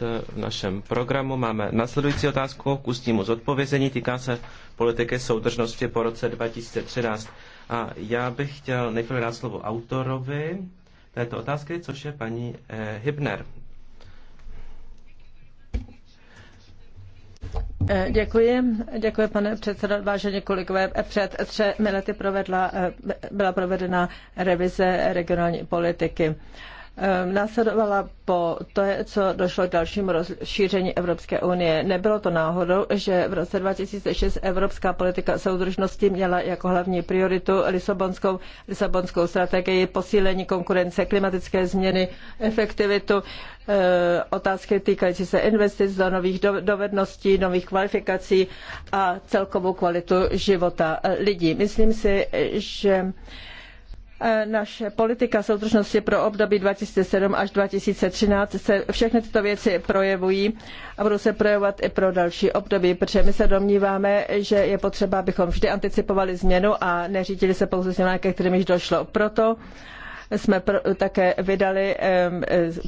v našem programu máme následující otázku k ústnímu zodpovězení. Týká se politiky soudržnosti po roce 2013. A já bych chtěl nejprve dát slovo autorovi této otázky, což je paní eh, Hybner. Eh, děkuji, děkuji pane předsedo, vážení kolegové. Před třemi lety provedla, eh, byla provedena revize regionální politiky. Eh, Ehm, následovala po to, co došlo k dalšímu rozšíření Evropské unie. Nebylo to náhodou, že v roce 2006 Evropská politika soudržnosti měla jako hlavní prioritu Lisabonskou, Lisabonskou strategii posílení konkurence, klimatické změny, efektivitu, ehm, otázky týkající se investic do nových dovedností, nových kvalifikací a celkovou kvalitu života lidí. Myslím si, že E, naše politika soudržnosti pro období 2007 až 2013 se všechny tyto věci projevují a budou se projevovat i pro další období, protože my se domníváme, že je potřeba, abychom vždy anticipovali změnu a neřídili se pouze změnami, ke kterým již došlo. Proto jsme také vydali e,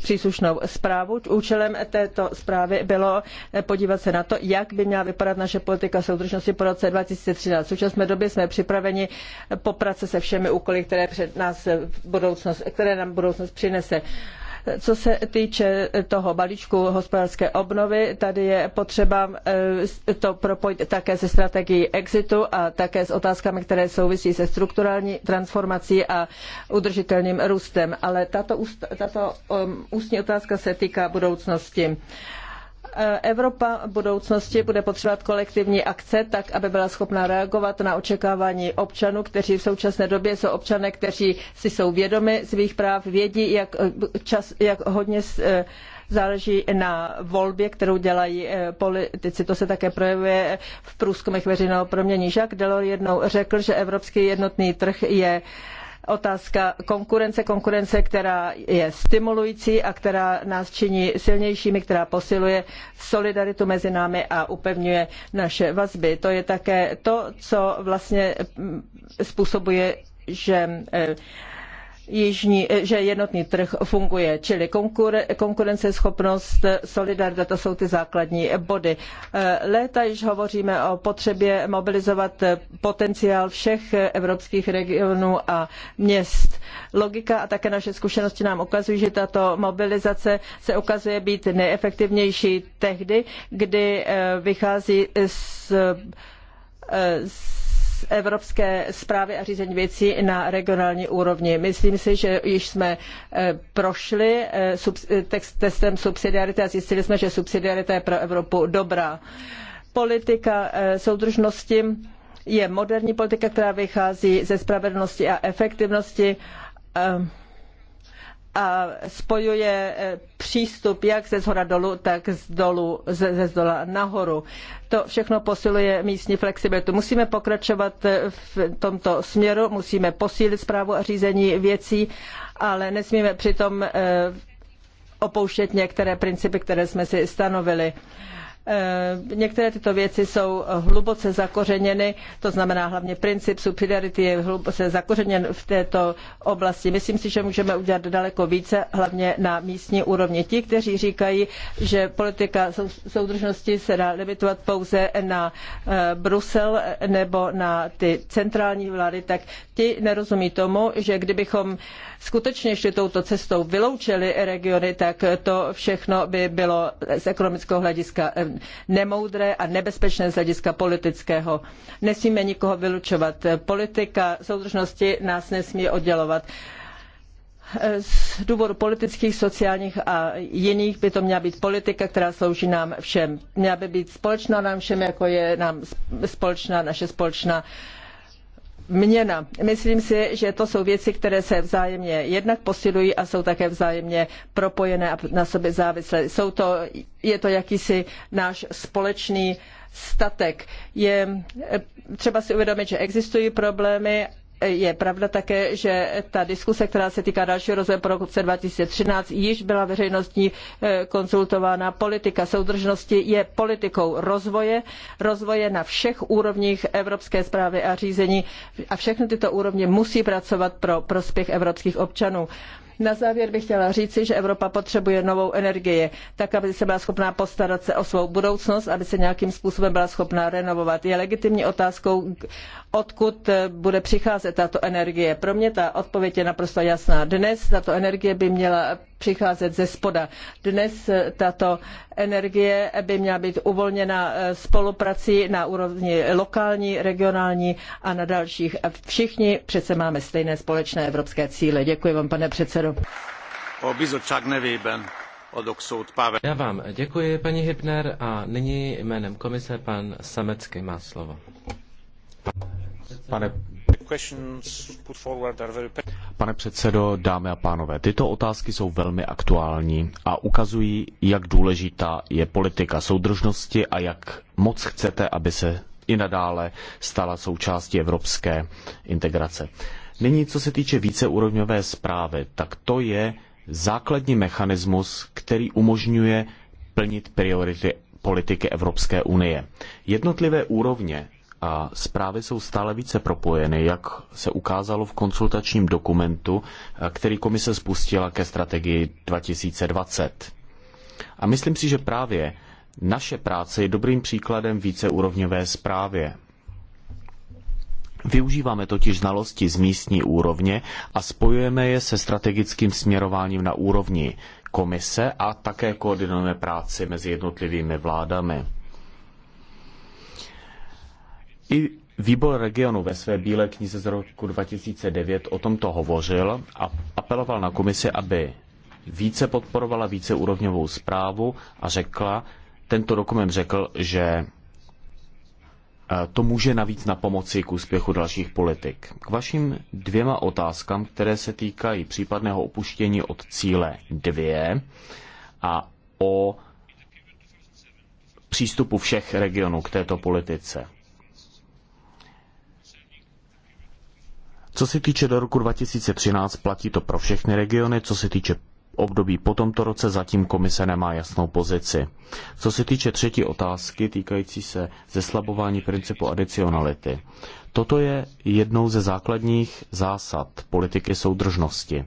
příslušnou zprávu. Účelem této zprávy bylo e, podívat se na to, jak by měla vypadat naše politika soudržnosti po roce 2013. V současné době jsme připraveni poprat se se všemi úkoly, které, před nás e, budoucnost, které nám budoucnost přinese. Co se týče toho balíčku hospodářské obnovy, tady je potřeba eh, to propojit také se strategií exitu a také s otázkami, které souvisí se strukturální transformací a udržitelným růstem. Ale tato, tato um, ústní otázka se týká budoucnosti. Uh, Eh, Evropa v budoucnosti bude potřebovat kolektivní akce, tak aby byla schopna reagovat na očekávání občanů, kteří v současné době jsou občané, kteří si jsou vědomi svých práv, vědí, jak, eh, čas, jak hodně eh, záleží na volbě, kterou dělají politici. To se také projevuje v průzkumech veřejného promění. Jacques Delors jednou řekl, že evropský jednotný trh je otázka konkurence, konkurence, která je stimulující a která nás činí silnějšími, která posiluje solidaritu mezi námi a upevňuje naše vazby. To je také to, co vlastně mm, způsobuje, že eh, jižní, eh, že jednotný trh funguje, čili konkure, konkurenceschopnost, solidarita, to jsou ty základní body. Eh, léta již hovoříme o potřebě mobilizovat eh, potenciál všech evropských regionů a měst. Logika a také naše zkušenosti nám ukazují, že tato mobilizace se ukazuje být nejefektivnější tehdy, kdy vychází z, z evropské správy a řízení věcí na regionální úrovni. Myslím si, že již jsme eh, prošli eh, testem subsidiarity a zjistili jsme, že subsidiarita je pro Evropu dobrá. Politika eh, soudržnosti je moderní politika, která vychází ze spravedlnosti a efektivnosti. Ehm, a spojuje eh, přístup jak ze zhora dolů, tak z dolu, ze, ze zdola nahoru. To všechno posiluje místní flexibilitu. Musíme pokračovat eh, v tomto směru, musíme posílit zprávu a řízení věcí, ale nesmíme přitom eh, opouštět některé principy, které jsme si stanovili. Uh, Eh, některé tyto věci jsou hluboce zakořeněny, to znamená hlavně princip subsidiarity je hluboce zakořeněn v této oblasti. Myslím si, že můžeme udělat daleko více, hlavně na místní úrovni. Ti, kteří říkají, že politika soudržnosti se dá limitovat pouze na eh, Brusel nebo na ty centrální vlády, tak ti nerozumí tomu, že kdybychom skutečně ještě touto cestou vyloučili regiony, tak to všechno by bylo z ekonomického hlediska eh, nemoudré a nebezpečné z hlediska politického. Nesmíme nikoho vylučovat. Politika soudržnosti nás nesmí oddělovat z důvodu politických, sociálních a jiných by to měla být politika, která slouží nám všem. Měla by být společná nám všem, jako je nám společná naše společná uh, měna. Myslím si, že to jsou věci, které se vzájemně jednak posilují a jsou také vzájemně propojené a na sobě závislé. Jsou to, je to jakýsi náš společný statek. Je eh, třeba si uvědomit, že existují problémy je pravda také, že ta diskuse, která se týká dalšího rozvoje po roce 2013, již byla veřejností eh, konzultována. Politika soudržnosti je politikou rozvoje, rozvoje na všech úrovních evropské správy a řízení a všechny tyto úrovně musí pracovat pro prospěch evropských občanů. Na závěr bych chtěla říci, že Evropa potřebuje novou energii, tak aby se byla schopná postarat se o svou budoucnost, aby se nějakým způsobem byla schopná renovovat. Je legitimní otázkou, odkud bude přicházet tato energie. Pro mě ta odpověď je naprosto jasná. Dnes tato energie by měla přicházet ze spoda. Dnes tato energie by měla být uvolněna eh, spoluprací na úrovni lokální, regionální a na dalších. A všichni přece máme stejné společné evropské cíle. Děkuji vám, pane předsedo. Já vám děkuji, paní Hypner, a nyní jménem komise pan Samecký má slovo. Pane Pane předsedo, dámy a pánové, tyto otázky jsou velmi aktuální a ukazují, jak důležitá je politika soudržnosti a jak moc chcete, aby se i nadále stala součástí evropské integrace. Nyní, co se týče víceúrovňové zprávy, tak to je základní mechanismus, který umožňuje plnit priority politiky Evropské unie. Jednotlivé úrovně a zprávy jsou stále více propojeny, jak se ukázalo v konsultačním dokumentu, eh, který komise spustila ke strategii 2020. A myslím si, že právě naše práce je dobrým příkladem víceúrovňové zprávě. Využíváme totiž znalosti z místní úrovně a spojujeme je se strategickým směrováním na úrovni komise a také koordinujeme práci mezi jednotlivými vládami. I výbor regionu ve své bílé knize z roku 2009 o tomto hovořil a apeloval na komisi, aby více podporovala víceúrovňovou zprávu a řekla, tento dokument řekl, že eh, to může navíc na pomoci k úspěchu dalších politik. K vašim dvěma otázkám, které se týkají případného opuštění od cíle 2 a o přístupu všech regionů k této politice. Co se týče do roku 2013, platí to pro všechny regiony. Co se týče období po tomto roce, zatím komise nemá jasnou pozici. Co se týče třetí otázky týkající se zeslabování principu adicionality, toto je jednou ze základních zásad politiky soudržnosti.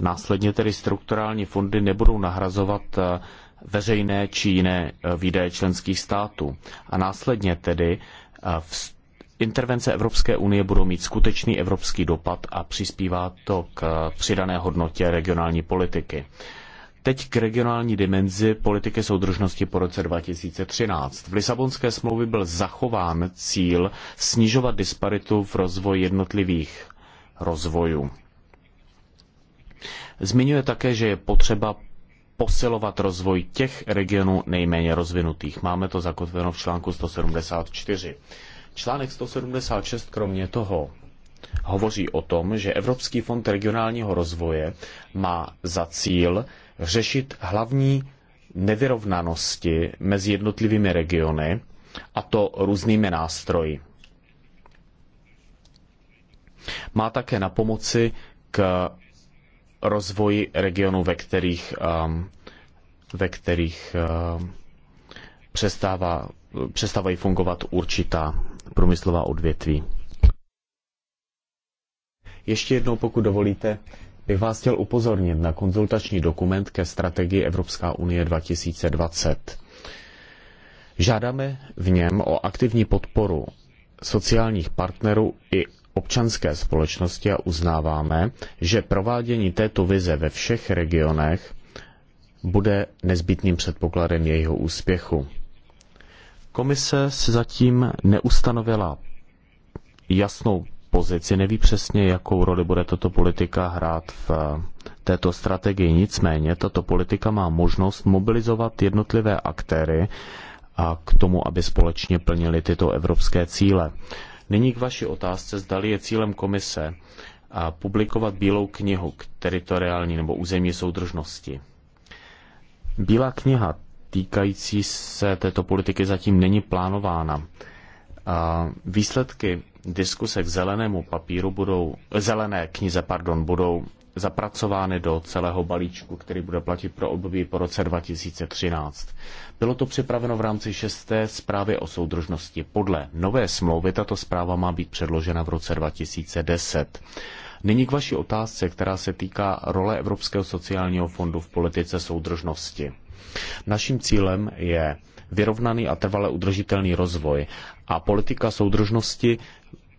Následně tedy strukturální fondy nebudou nahrazovat eh, veřejné či jiné eh, výdaje členských států. A následně tedy eh, intervence Evropské unie budou mít skutečný evropský dopad a přispívá to k přidané hodnotě regionální politiky. Teď k regionální dimenzi politiky soudržnosti po roce 2013. V Lisabonské smlouvě byl zachován cíl snižovat disparitu v rozvoji jednotlivých rozvojů. Zmiňuje také, že je potřeba posilovat rozvoj těch regionů nejméně rozvinutých. Máme to zakotveno v článku 174. Článek 176 kromě toho hovoří o tom, že Evropský fond regionálního rozvoje má za cíl řešit hlavní nevyrovnanosti mezi jednotlivými regiony, a to různými nástroji. Má také na pomoci k rozvoji regionů, ve kterých, um, ve kterých um, přestává, přestávají fungovat určitá průmyslová odvětví. Ještě jednou, pokud dovolíte, bych vás chtěl upozornit na konzultační dokument ke strategii Evropská unie 2020. Žádáme v něm o aktivní podporu sociálních partnerů i občanské společnosti a uznáváme, že provádění této vize ve všech regionech bude nezbytným předpokladem jejího úspěchu. Komise si zatím neustanovila jasnou pozici, neví přesně, jakou roli bude tato politika hrát v eh, této strategii. Nicméně tato politika má možnost mobilizovat jednotlivé aktéry a k tomu, aby společně plnili tyto evropské cíle. Nyní k vaší otázce, zdali je cílem komise a eh, publikovat bílou knihu k teritoriální nebo územní soudržnosti. Bílá kniha týkající se této politiky zatím není plánována. Výsledky diskuse k zelenému papíru budou, zelené knize, pardon, budou zapracovány do celého balíčku, který bude platit pro období po roce 2013. Bylo to připraveno v rámci šesté zprávy o soudržnosti. Podle nové smlouvy tato zpráva má být předložena v roce 2010. Nyní k vaší otázce, která se týká role Evropského sociálního fondu v politice soudržnosti. Naším cílem je vyrovnaný a trvale udržitelný rozvoj a politika soudržnosti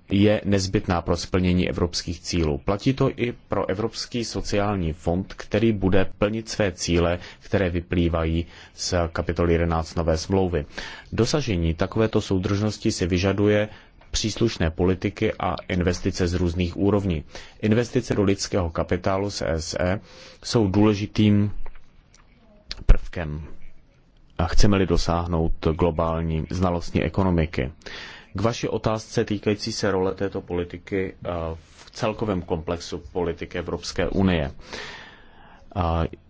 je nezbytná pro splnění evropských cílů. Platí to i pro Evropský sociální fond, který bude plnit své cíle, které vyplývají z kapitoly 11 nové smlouvy. Dosažení takovéto soudržnosti se vyžaduje příslušné politiky a investice z různých úrovní. Investice do lidského kapitálu z ESE jsou důležitým prvkem a chceme-li dosáhnout globální znalostní ekonomiky. K vaší otázce týkající se role této politiky eh, v celkovém komplexu politik Evropské unie. Eh,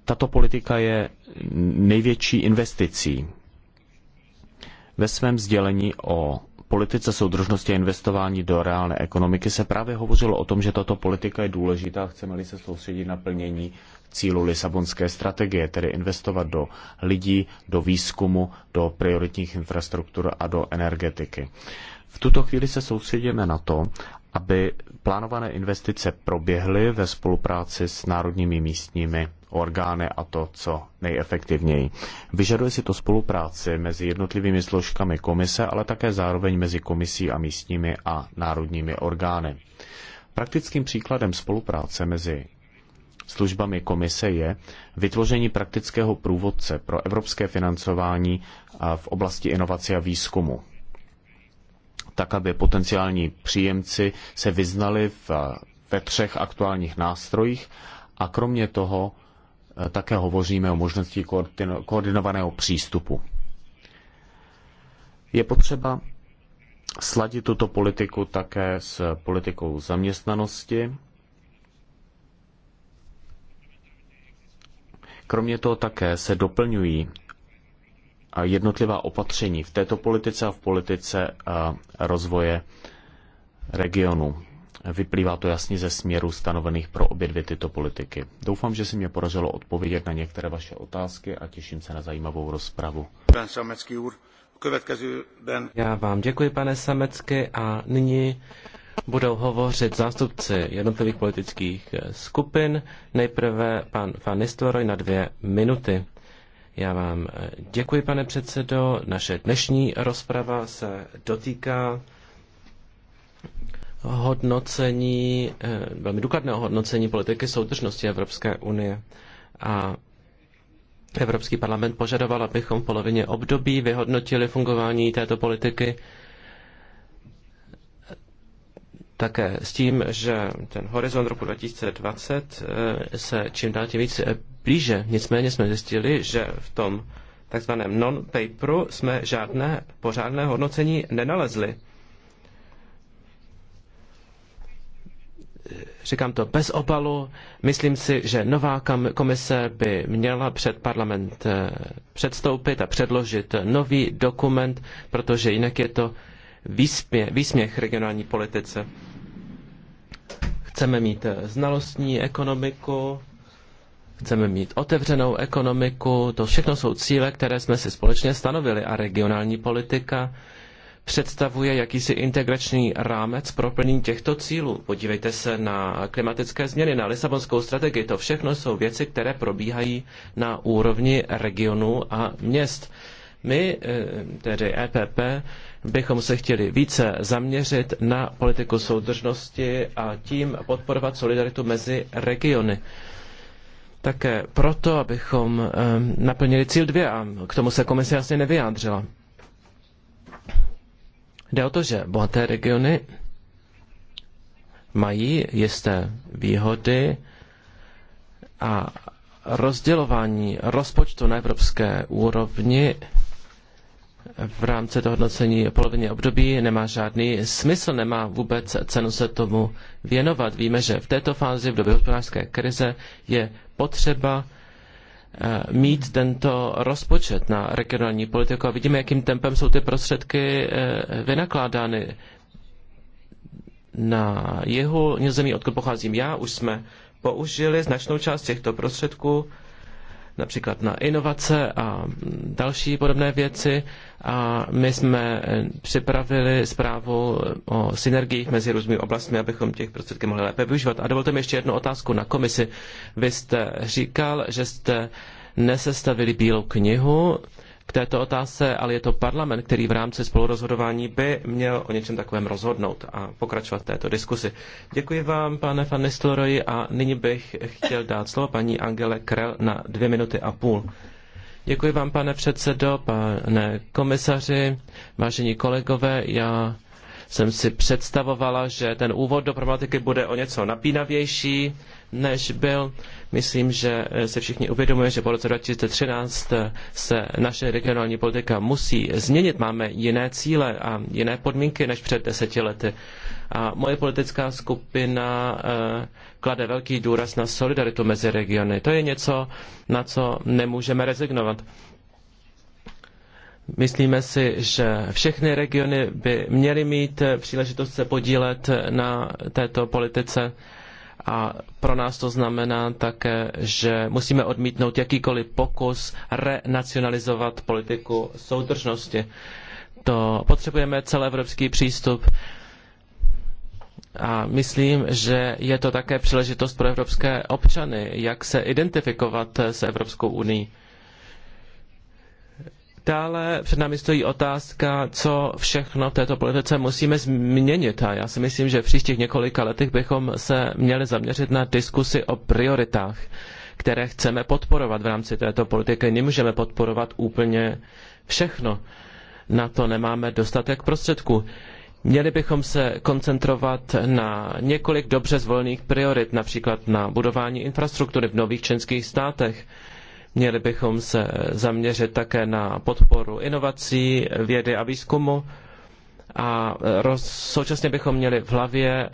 tato politika je největší investicí. Ve svém sdělení o politice soudržnosti a investování do reálné ekonomiky se právě hovořilo o tom, že tato politika je důležitá, chceme-li se soustředit na plnění cílu Lisabonské strategie, tedy investovat do lidí, do výzkumu, do prioritních infrastruktur a do energetiky. V tuto chvíli se soustředíme na to, aby plánované investice proběhly ve spolupráci s národními místními orgány a to, co nejefektivněji. Vyžaduje si to spolupráci mezi jednotlivými složkami komise, ale také zároveň mezi komisí a místními a národními orgány. Praktickým příkladem spolupráce mezi službami komise je vytvoření praktického průvodce pro evropské financování v oblasti inovace a výzkumu tak, aby potenciální příjemci se vyznali v, ve třech aktuálních nástrojích a kromě toho také hovoříme o možnosti koordinovaného přístupu. Je potřeba sladit tuto politiku také s politikou zaměstnanosti. Kromě toho také se doplňují jednotlivá opatření v této politice a v politice rozvoje regionu. Vyplývá to jasně ze směru stanovených pro obě dvě tyto politiky. Doufám, že se mě podařilo odpovědět na některé vaše otázky a těším se na zajímavou rozpravu. Já vám děkuji, pane Samecky, a nyní budou hovořit zástupci jednotlivých politických eh, skupin. Nejprve pan Van Nistelrooy na dvě minuty. Já vám eh, děkuji, pane předsedo. Naše dnešní rozprava se dotýká hodnocení, eh, velmi důkladného hodnocení politiky soudržnosti Evropské unie. A Evropský parlament požadoval, abychom v polovině období vyhodnotili fungování této politiky také s tím, že ten horizont roku 2020 eh, se čím dál tím víc eh, blíže. Nicméně jsme zjistili, že v tom takzvaném non-paperu jsme žádné pořádné hodnocení nenalezli. Říkám to bez obalu. Myslím si, že nová komise by měla před parlament eh, předstoupit a předložit nový dokument, protože jinak je to výsměch, výsměch regionální politice. Chceme mít eh, znalostní ekonomiku, chceme mít otevřenou ekonomiku, to všechno jsou cíle, které jsme si společně stanovili a regionální politika představuje jakýsi integrační rámec pro plnění těchto cílů. Podívejte se na klimatické změny, na Lisabonskou strategii. To všechno jsou věci, které probíhají na úrovni regionu a měst. My, eh, tedy EPP, bychom se chtěli více zaměřit na politiku soudržnosti a tím podporovat solidaritu mezi regiony. Také proto, abychom eh, naplnili cíl 2 a k tomu se komise jasně nevyjádřila. Jde o to, že bohaté regiony mají jisté výhody a rozdělování rozpočtu na evropské úrovni v rámci toho hodnocení poloviny období nemá žádný smysl, nemá vůbec cenu se tomu věnovat. Víme, že v této fázi, v době hospodářské krize, je potřeba Eh, mít tento rozpočet na regionální politiku a vidíme, jakým tempem jsou ty prostředky eh, vynakládány. Na jihu zemí, odkud pocházím já, už jsme použili značnou část těchto prostředků například na inovace a další podobné věci. A my jsme připravili zprávu o synergiích mezi různými oblastmi, abychom těch prostředky mohli lépe využívat. A dovolte mi ještě jednu otázku na komisi. Vy jste říkal, že jste nesestavili bílou knihu k této otázce, ale je to parlament, který v rámci spolurozhodování by měl o něčem takovém rozhodnout a pokračovat v této diskusi. Děkuji vám, pane Van Nistelrooy, a nyní bych chtěl dát slovo paní Angele Krell na dvě minuty a půl. Děkuji vám, pane předsedo, pane komisaři, vážení kolegové. Já jsem si představovala, že ten úvod do problematiky bude o něco napínavější, než byl. Myslím, že se všichni uvědomuje, že po roce 2013 se naše regionální politika musí změnit. Máme jiné cíle a jiné podmínky než před deseti lety. A moje politická skupina eh, klade velký důraz na solidaritu mezi regiony. To je něco, na co nemůžeme rezignovat. Myslíme si, že všechny regiony by měly mít příležitost se podílet na této politice a pro nás to znamená také, že musíme odmítnout jakýkoliv pokus renacionalizovat politiku soudržnosti. To potřebujeme celoevropský přístup a myslím, že je to také příležitost pro evropské občany, jak se identifikovat s Evropskou unii. Dále před námi stojí otázka, co všechno v této politice musíme změnit. A já si myslím, že v příštích několika letech bychom se měli zaměřit na diskusy o prioritách, které chceme podporovat v rámci této politiky. Nemůžeme podporovat úplně všechno. Na to nemáme dostatek prostředků. Měli bychom se koncentrovat na několik dobře zvolených priorit, například na budování infrastruktury v nových členských státech, Měli bychom se zaměřit také na podporu inovací, vědy a výzkumu a e, roz, současně bychom měli v hlavě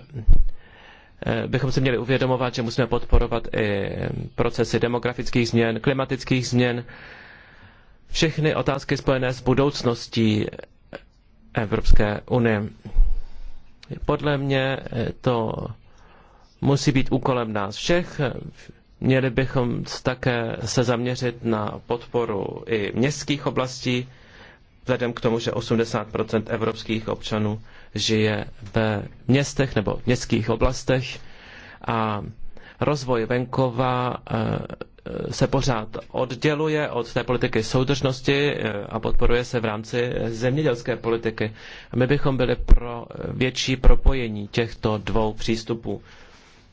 e, bychom se měli uvědomovat, že musíme podporovat i procesy demografických změn, klimatických změn, všechny otázky spojené s budoucností Evropské unie. Podle mě to musí být úkolem nás všech, Měli bychom také se zaměřit na podporu i městských oblastí, vzhledem k tomu, že 80 evropských občanů žije ve městech nebo městských oblastech a rozvoj venkova eh, se pořád odděluje od té politiky soudržnosti eh, a podporuje se v rámci zemědělské politiky. My bychom byli pro eh, větší propojení těchto dvou přístupů.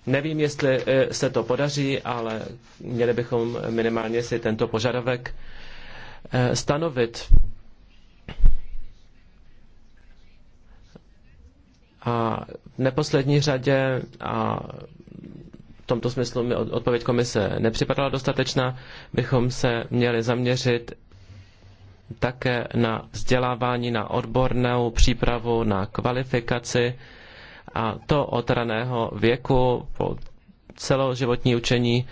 Nevím, jestli eh, se to podaří, ale měli bychom minimálně si tento požadavek eh, stanovit. A v neposlední řadě, a v tomto smyslu mi odpověď komise nepřipadala dostatečná, bychom se měli zaměřit také na vzdělávání, na odbornou přípravu, na kvalifikaci a to od raného věku po celoživotní učení,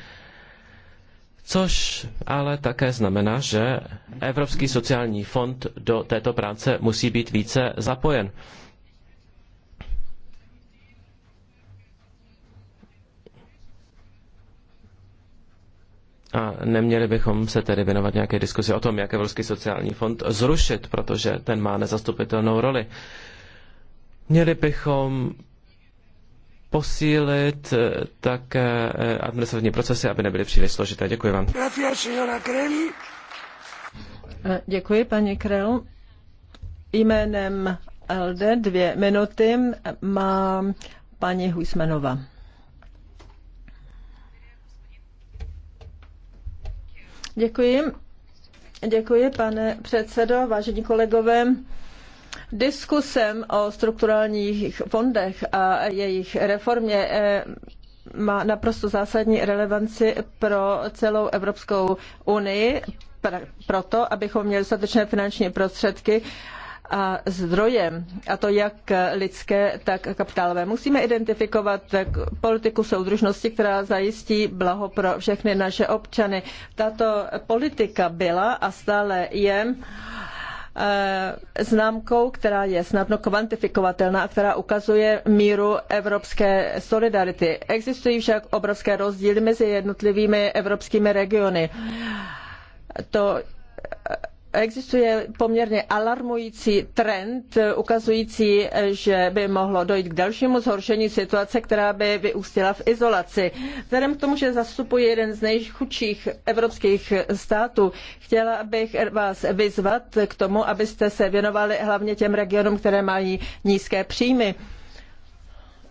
což ale také znamená, že Evropský sociální fond do této práce musí být více zapojen. A neměli bychom se tedy věnovat nějaké diskuzi o tom, jak Evropský sociální fond zrušit, protože ten má nezastupitelnou roli. Měli bychom posílit eh, také eh, administrativní procesy, aby nebyly příliš složité. Děkuji vám. Eh, děkuji, paní Krell. Jménem LD dvě minuty má paní Husmanova. Děkuji. Děkuji, pane předsedo, vážení kolegové. Diskusem o strukturálních fondech a jejich reformě eh, má naprosto zásadní relevanci pro celou Evropskou unii, proto, abychom měli dostatečné finanční prostředky a zdroje, a to jak lidské, tak kapitálové. Musíme identifikovat eh, politiku soudržnosti, která zajistí blaho pro všechny naše občany. Tato politika byla a stále je uh, Eh, známkou, která je snadno kvantifikovatelná a která ukazuje míru evropské solidarity. Existují však obrovské rozdíly mezi jednotlivými evropskými regiony. To Existuje poměrně alarmující trend ukazující, že by mohlo dojít k dalšímu zhoršení situace, která by vyústila v izolaci. Vzhledem k tomu, že zastupuji jeden z nejchudších evropských států, chtěla bych vás vyzvat k tomu, abyste se věnovali hlavně těm regionům, které mají nízké příjmy.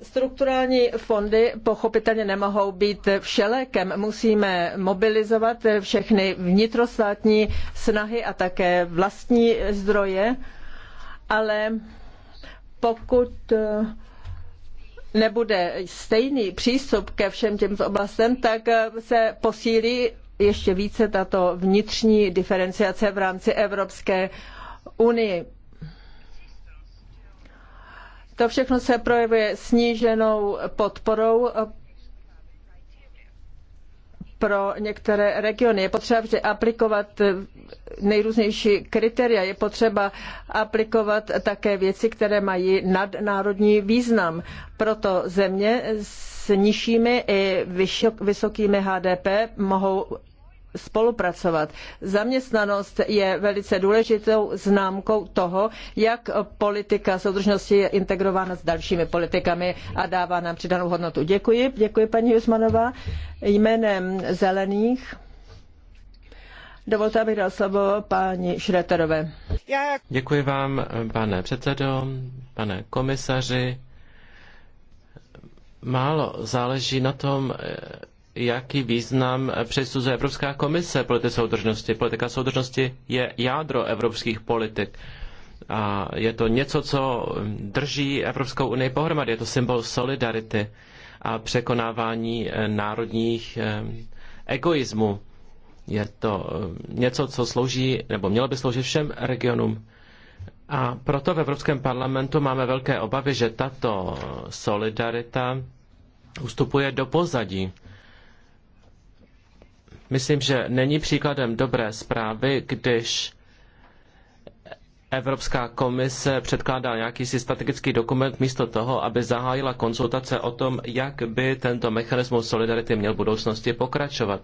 Strukturální fondy pochopitelně nemohou být všelékem. Musíme mobilizovat všechny vnitrostátní snahy a také vlastní zdroje, ale pokud eh, nebude stejný přístup ke všem těmto oblastem, tak eh, se posílí ještě více tato vnitřní diferenciace v rámci Evropské unie. To všechno se projevuje sníženou podporou eh, pro některé regiony. Je potřeba vždy aplikovat eh, nejrůznější kritéria. Je potřeba aplikovat také věci, které mají nadnárodní význam. Proto země s nižšími i vysokými HDP mohou spolupracovat. Zaměstnanost je velice důležitou známkou toho, jak politika soudržnosti je integrována s dalšími politikami a dává nám přidanou hodnotu. Děkuji, děkuji paní Jusmanová. Jménem Zelených Dovolte, abych dal slovo paní Šreterové. Děkuji vám, pane předsedo, pane komisaři. Málo záleží na tom, jaký význam přisuzuje Evropská komise politice soudržnosti. Politika soudržnosti je jádro evropských politik. A je to něco, co drží Evropskou unii pohromadě. Je to symbol solidarity a překonávání eh, národních eh, egoismů. Je to eh, něco, co slouží, nebo mělo by sloužit všem regionům. A proto v Evropském parlamentu máme velké obavy, že tato solidarita ustupuje do pozadí Myslím, že není příkladem dobré zprávy, když Evropská komise předkládá nějaký si strategický dokument místo toho, aby zahájila konzultace o tom, jak by tento mechanismus solidarity měl v budoucnosti pokračovat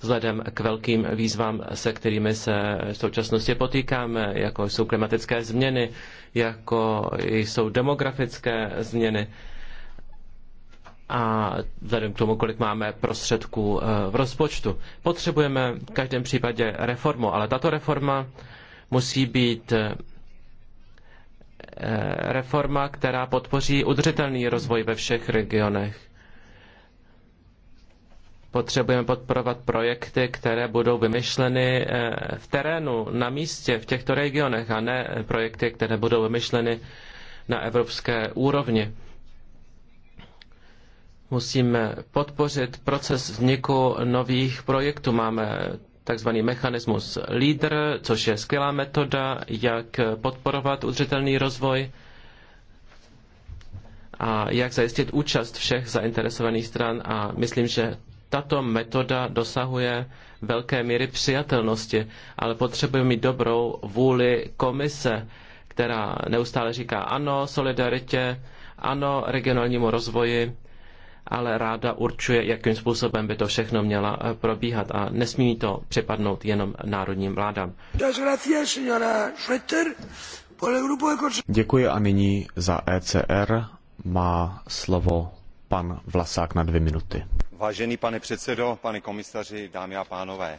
vzhledem k velkým výzvám, se kterými se v současnosti potýkáme, jako jsou klimatické změny, jako jsou demografické změny a vzhledem k tomu, kolik máme prostředků eh, v rozpočtu. Potřebujeme v každém případě reformu, ale tato reforma musí být eh, reforma, která podpoří udržitelný rozvoj ve všech regionech. Potřebujeme podporovat projekty, které budou vymyšleny eh, v terénu, na místě, v těchto regionech, a ne projekty, které budou vymyšleny na evropské úrovni. Musíme podpořit proces vzniku nových projektů. Máme takzvaný mechanismus LEADER, což je skvělá metoda, jak podporovat udržitelný rozvoj a jak zajistit účast všech zainteresovaných stran a myslím, že tato metoda dosahuje velké míry přijatelnosti, ale potřebujeme mít dobrou vůli komise, která neustále říká ano solidaritě, ano regionálnímu rozvoji, ale ráda určuje, jakým způsobem by to všechno měla eh, probíhat a nesmí to připadnout jenom národním vládám. Děkuji a nyní za ECR má slovo pan Vlasák na dvě minuty. Vážený pane předsedo, pane komisaři, dámy a pánové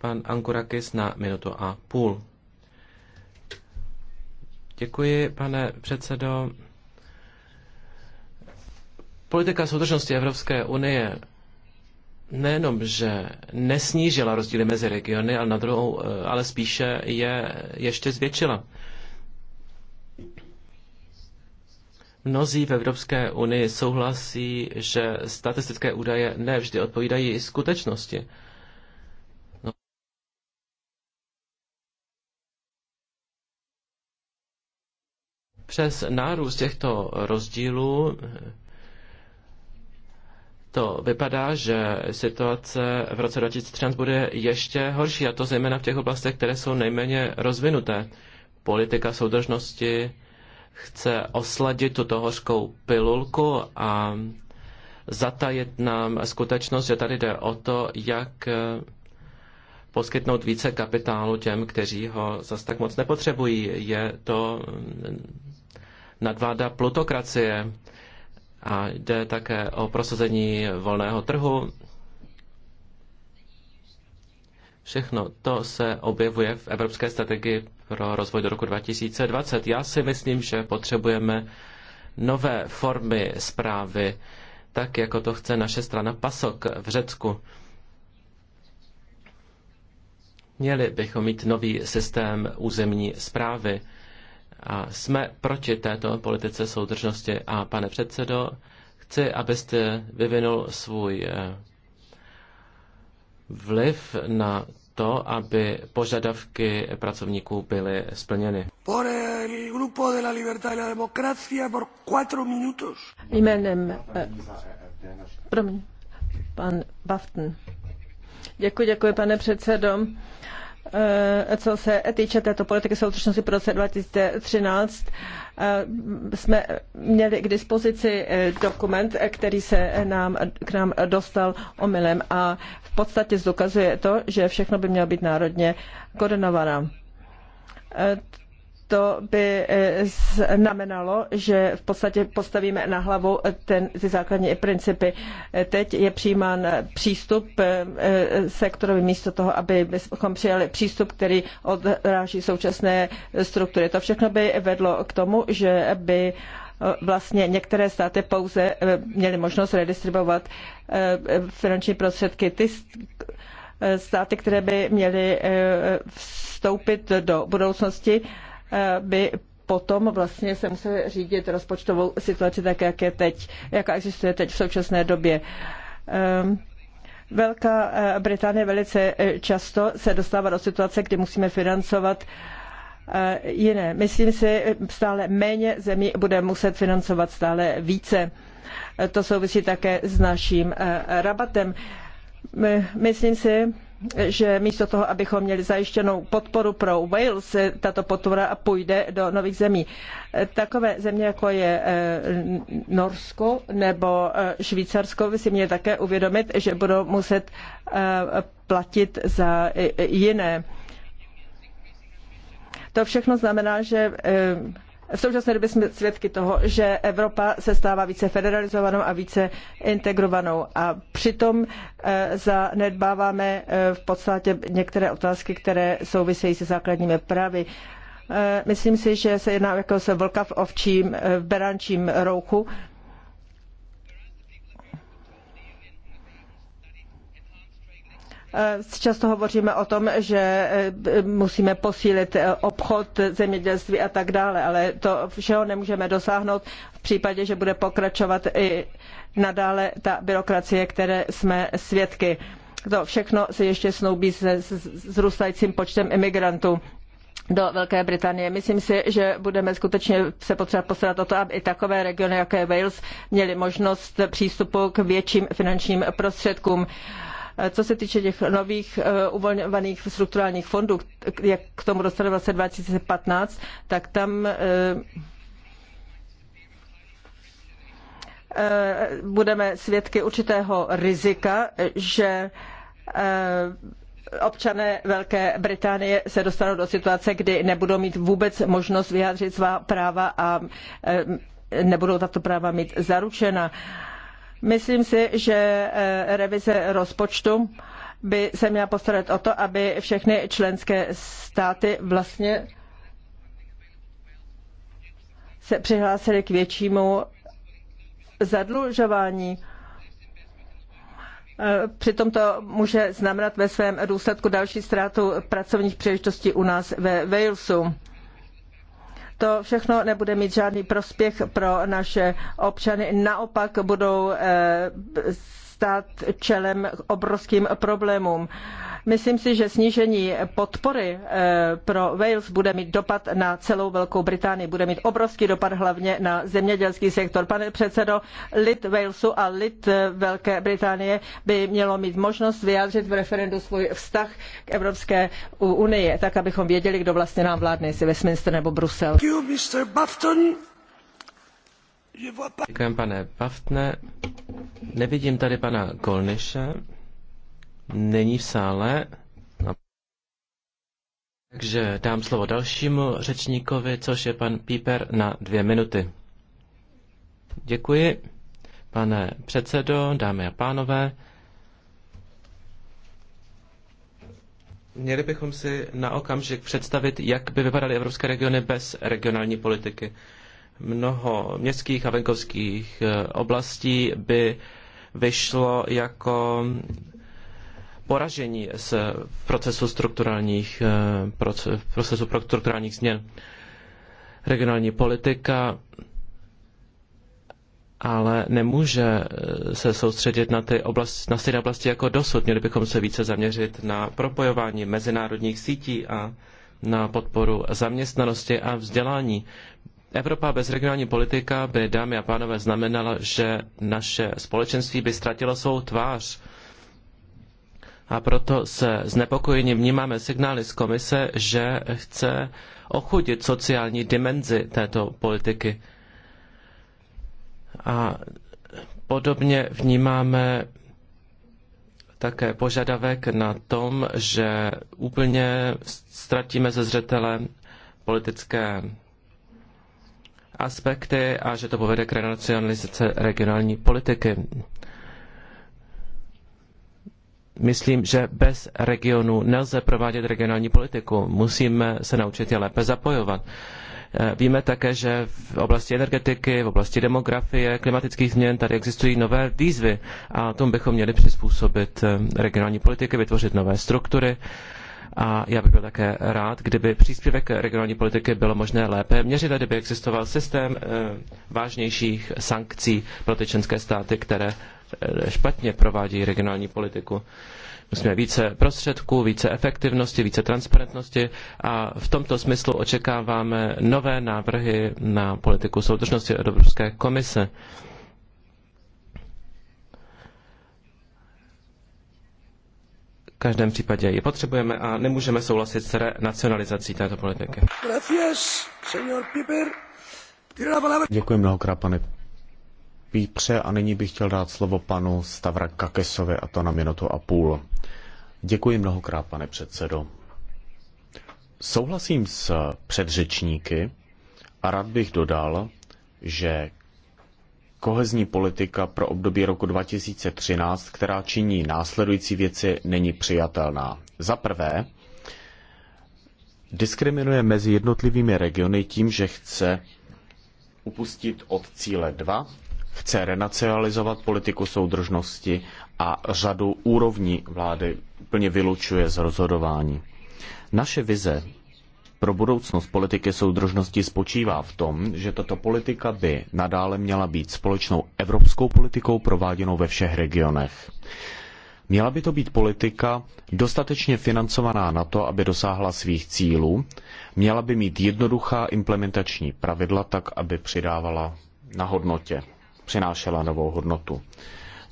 pan Angurakis na minutu a půl. Děkuji, pane předsedo. Politika soudržnosti Evropské unie nejenom, že nesnížila rozdíly mezi regiony, ale, na druhou, eh, ale spíše je ještě zvětšila. Mnozí v Evropské unii souhlasí, že statistické údaje nevždy odpovídají skutečnosti. Přes nárůst těchto rozdílů to vypadá, že situace v roce 2013 bude ještě horší, a to zejména v těch oblastech, které jsou nejméně rozvinuté. Politika soudržnosti chce osladit tuto hořkou pilulku a zatajit nám skutečnost, že tady jde o to, jak poskytnout více kapitálu těm, kteří ho zas tak moc nepotřebují. Je to nadvláda plutokracie a jde také o prosazení volného trhu. Všechno to se objevuje v Evropské strategii pro rozvoj do roku 2020. Já si myslím, že potřebujeme nové formy zprávy, tak jako to chce naše strana PASOK v Řecku. Měli bychom mít nový systém územní zprávy. A jsme proti této politice soudržnosti. A pane předsedo, chci, abyste vyvinul svůj eh, vliv na to, aby požadavky pracovníků byly splněny. Jménem, eh, pan Baften. Děkuji, děkuji, pane předsedo. Eh, co se týče této politiky soudržnosti pro roce 2013, eh, jsme měli k dispozici eh, dokument, který se nám, k nám dostal omylem a v podstatě zdokazuje to, že všechno by mělo být národně koordinováno to by eh, znamenalo, že v podstatě postavíme na hlavu ten, ty základní principy. Eh, teď je přijímán přístup eh, sektorový místo toho, aby bychom přijali přístup, který odráží současné struktury. To všechno by vedlo k tomu, že by vlastně některé státy pouze měly možnost redistribuovat finanční prostředky. Ty státy, které by měly vstoupit do budoucnosti, by potom vlastně se musí řídit rozpočtovou situaci tak, jak je teď, jaká existuje teď v současné době. Ehm, Velká eh, Británie velice eh, často se dostává do situace, kdy musíme financovat eh, jiné. Myslím si, stále méně zemí bude muset financovat stále více. To souvisí také s naším rabatem. Myslím si, že místo toho, abychom měli zajištěnou podporu pro Wales, tato podpora půjde do nových zemí. Takové země, jako je eh, Norsko nebo eh, Švýcarsko, by si měli také uvědomit, že budou muset eh, platit za jiné. To všechno znamená, že v současné době jsme svědky toho, že Evropa se stává více federalizovanou a více integrovanou a přitom eh, zanedbáváme eh, v podstatě některé otázky, které souvisejí se základními právy. Eh, myslím si, že se jedná jako se vlka v ovčím, v berančím rouchu Eh, často hovoříme o tom, že eh, musíme posílit eh, obchod, zemědělství a tak dále, ale to všeho nemůžeme dosáhnout v případě, že bude pokračovat i nadále ta byrokracie, které jsme svědky. To všechno se ještě snoubí se zrůstajícím počtem imigrantů do Velké Británie. Myslím si, že budeme skutečně se potřeba postarat o to, aby i takové regiony, jako je Wales, měly možnost přístupu k větším finančním prostředkům. Uh, co se týče těch nových eh, uvolňovaných strukturálních fondů, jak k tomu dostali v roce 2015, tak tam eh, eh, budeme svědky určitého rizika, že občané Velké Británie se dostanou do situace, kdy nebudou mít vůbec možnost vyjádřit svá práva a nebudou tato práva mít zaručena. Myslím si, že eh, revize rozpočtu by se měla postarat o to, aby všechny členské státy vlastně se přihlásily k většímu zadlužování. Eh, přitom to může znamenat ve svém důsledku další ztrátu pracovních příležitostí u nás ve Walesu. To všechno nebude mít žádný prospěch pro naše občany. Naopak budou eh, stát čelem obrovským problémům. Myslím si, že snížení podpory eh, pro Wales bude mít dopad na celou Velkou Británii. Bude mít obrovský dopad hlavně na zemědělský sektor. Pane předsedo, lid Walesu a lid eh, Velké Británie by mělo mít možnost vyjádřit v referendu svůj vztah k Evropské unii, tak abychom věděli, kdo vlastně nám vládne, jestli Westminster nebo Brusel. Děkujeme, pane Paftne. Nevidím tady pana Kolniše není v sále. Takže dám slovo dalšímu řečníkovi, což je pan Píper na dvě minuty. Děkuji, pane předsedo, dámy a pánové. Měli bychom si na okamžik představit, jak by vypadaly evropské regiony bez regionální politiky. Mnoho městských a venkovských eh, oblastí by vyšlo jako poražení z eh, procesu strukturálních, eh, procesu strukturálních změn. Regionální politika ale nemůže eh, se soustředit na, ty oblasti, na stejné oblasti jako dosud. Měli bychom se více zaměřit na propojování mezinárodních sítí a na podporu zaměstnanosti a vzdělání. Evropa bez regionální politika by, dámy a pánové, znamenala, že naše společenství by ztratilo svou tvář a proto se znepokojeně vnímáme signály z komise, že chce ochudit sociální dimenzi této politiky. A podobně vnímáme také požadavek na tom, že úplně ztratíme ze zřetele politické aspekty a že to povede k renacionalizaci regionální politiky. Myslím, že bez regionu nelze provádět regionální politiku. Musíme se naučit je lépe zapojovat. Eh, víme také, že v oblasti energetiky, v oblasti demografie, klimatických změn tady existují nové výzvy a tomu bychom měli přizpůsobit eh, regionální politiky, vytvořit nové struktury. A já bych byl také rád, kdyby příspěvek regionální politiky bylo možné lépe měřit, a kdyby existoval systém eh, vážnějších sankcí pro ty členské státy, které špatně provádějí regionální politiku. Musíme více prostředků, více efektivnosti, více transparentnosti a v tomto smyslu očekáváme nové návrhy na politiku soudržnosti Evropské komise. V každém případě ji potřebujeme a nemůžeme souhlasit s nacionalizací této politiky. Děkuji mnohokrát, pane Pípře a nyní bych chtěl dát slovo panu Stavra Kakesovi a to na minutu a půl. Děkuji mnohokrát, pane předsedo. Souhlasím s předřečníky a rád bych dodal, že kohezní politika pro období roku 2013, která činí následující věci, není přijatelná. Za prvé, diskriminuje mezi jednotlivými regiony tím, že chce upustit od cíle 2 Chce renacionalizovat politiku soudržnosti a řadu úrovní vlády plně vylučuje z rozhodování. Naše vize pro budoucnost politiky soudržnosti spočívá v tom, že tato politika by nadále měla být společnou evropskou politikou prováděnou ve všech regionech. Měla by to být politika dostatečně financovaná na to, aby dosáhla svých cílů, měla by mít jednoduchá implementační pravidla tak, aby přidávala na hodnotě přinášela novou hodnotu.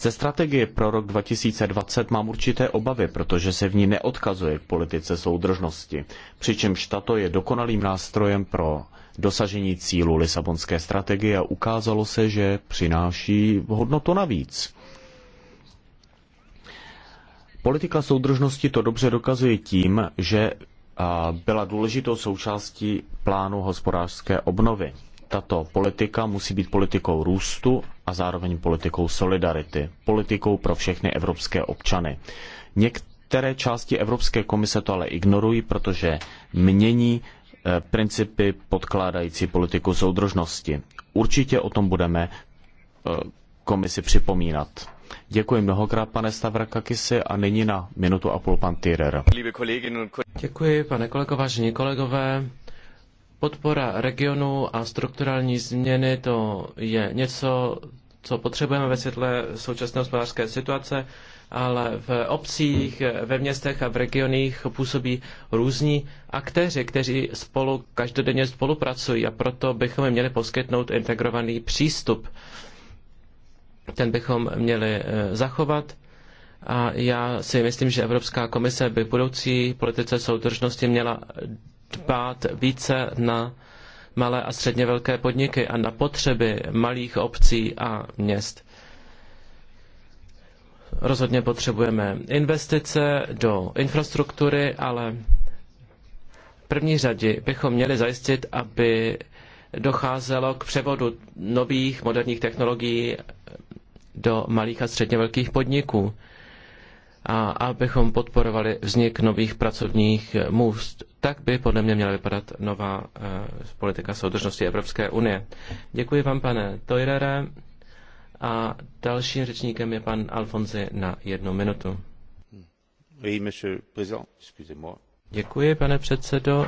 Ze strategie pro rok 2020 mám určité obavy, protože se v ní neodkazuje k politice soudržnosti, přičemž tato je dokonalým nástrojem pro dosažení cílu Lisabonské strategie a ukázalo se, že přináší hodnotu navíc. Politika soudržnosti to dobře dokazuje tím, že byla důležitou součástí plánu hospodářské obnovy tato politika musí být politikou růstu a zároveň politikou solidarity, politikou pro všechny evropské občany. Některé části Evropské komise to ale ignorují, protože mění eh, principy podkládající politiku soudržnosti. Určitě o tom budeme eh, komisi připomínat. Děkuji mnohokrát, pane Stavrakakisi, a nyní na minutu a půl pan Týrer. Děkuji, pane kolego, vážení kolegové. Podpora regionu a strukturální změny to je něco, co potřebujeme ve světle současné hospodářské situace, ale v obcích, ve městech a v regionech působí různí aktéři, kteří spolu každodenně spolupracují a proto bychom jim měli poskytnout integrovaný přístup. Ten bychom měli eh, zachovat. A já si myslím, že Evropská komise by v budoucí politice soudržnosti měla dbát více na malé a středně velké podniky a na potřeby malých obcí a měst. Rozhodně potřebujeme investice do infrastruktury, ale v první řadě bychom měli zajistit, aby docházelo k převodu nových moderních technologií do malých a středně velkých podniků a abychom podporovali vznik nových pracovních můst. Tak by podle mě měla vypadat nová eh, politika soudržnosti Evropské unie. Děkuji vám, pane Tojrere. A dalším řečníkem je pan Alfonzi na jednu minutu. Děkuji, pane předsedo.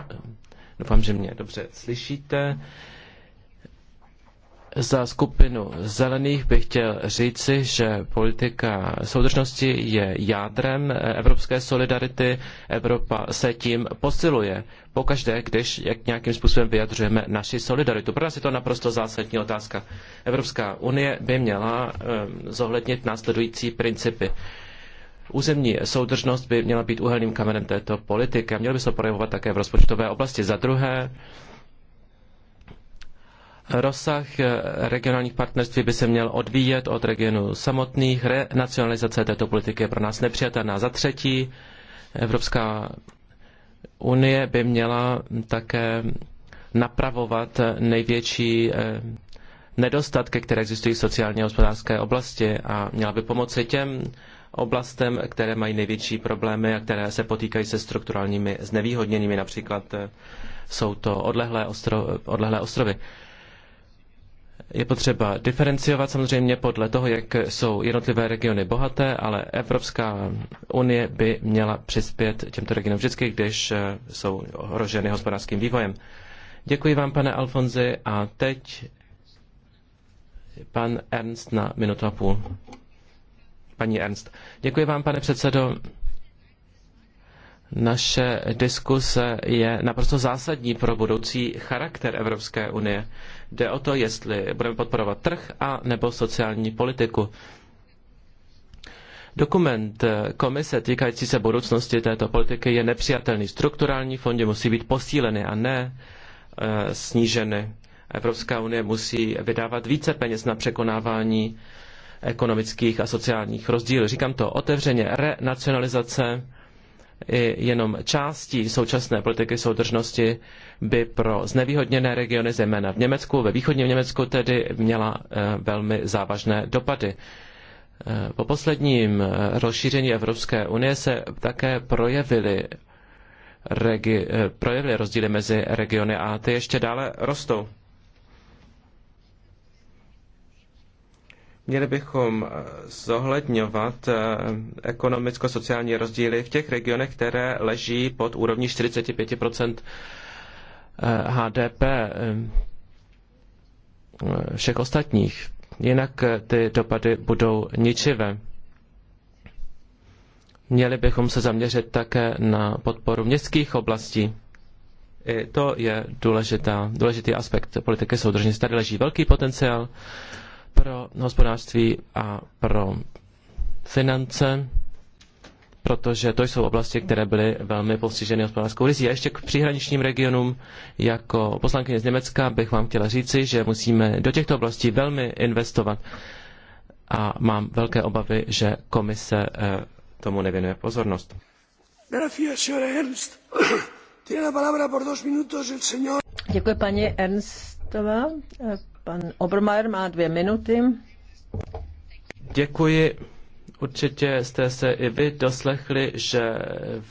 Doufám, že mě dobře slyšíte. Za skupinu zelených bych chtěl říci, že politika soudržnosti je jádrem evropské solidarity. Evropa se tím posiluje. Pokaždé, když jak nějakým způsobem vyjadřujeme naši solidaritu. Pro nás je to naprosto zásadní otázka. Evropská unie by měla eh, zohlednit následující principy. Územní soudržnost by měla být uhelným kamenem této politiky a měla by se projevovat také v rozpočtové oblasti. Za druhé, Rozsah eh, regionálních partnerství by se měl odvíjet od regionu samotných. Renacionalizace této politiky je pro nás nepřijatelná. Za třetí, Evropská unie by měla také napravovat největší eh, nedostatky, které existují v sociálně hospodářské oblasti a měla by pomoci těm oblastem, které mají největší problémy a které se potýkají se strukturálními znevýhodněními. Například eh, jsou to odlehlé, ostro, odlehlé ostrovy. Je potřeba diferenciovat samozřejmě podle toho, jak jsou jednotlivé regiony bohaté, ale Evropská unie by měla přispět těmto regionům vždycky, když eh, jsou ohroženy hospodářským vývojem. Děkuji vám, pane Alfonzi, a teď pan Ernst na minutu a půl. Paní Ernst. Děkuji vám, pane předsedo. Naše diskuse je naprosto zásadní pro budoucí charakter Evropské unie. Jde o to, jestli budeme podporovat trh a nebo sociální politiku. Dokument komise týkající se budoucnosti této politiky je nepřijatelný. Strukturální fondy musí být posíleny a ne e, sníženy. Evropská unie musí vydávat více peněz na překonávání ekonomických a sociálních rozdílů. Říkám to otevřeně, renacionalizace i jenom částí současné politiky soudržnosti by pro znevýhodněné regiony, zejména v Německu, ve východním Německu tedy, měla eh, velmi závažné dopady. Eh, po posledním eh, rozšíření Evropské unie se také projevily, regi, projevily rozdíly mezi regiony a ty ještě dále rostou. Měli bychom eh, zohledňovat eh, ekonomicko-sociální rozdíly v těch regionech, které leží pod úrovní 45 eh, HDP všech ostatních. Jinak ty dopady budou ničivé. Měli bychom se zaměřit také na podporu městských oblastí. I to je důležitá, důležitý aspekt politiky soudržnosti. Tady leží velký potenciál pro hospodářství a pro finance, protože to jsou oblasti, které byly velmi postiženy hospodářskou krizí. A ještě k příhraničním regionům jako poslankyně z Německa bych vám chtěla říci, že musíme do těchto oblastí velmi investovat a mám velké obavy, že komise eh, tomu nevěnuje pozornost. Děkuji paní Ernstová. Pan má dvě minuty. Děkuji. Určitě jste se i vy doslechli, že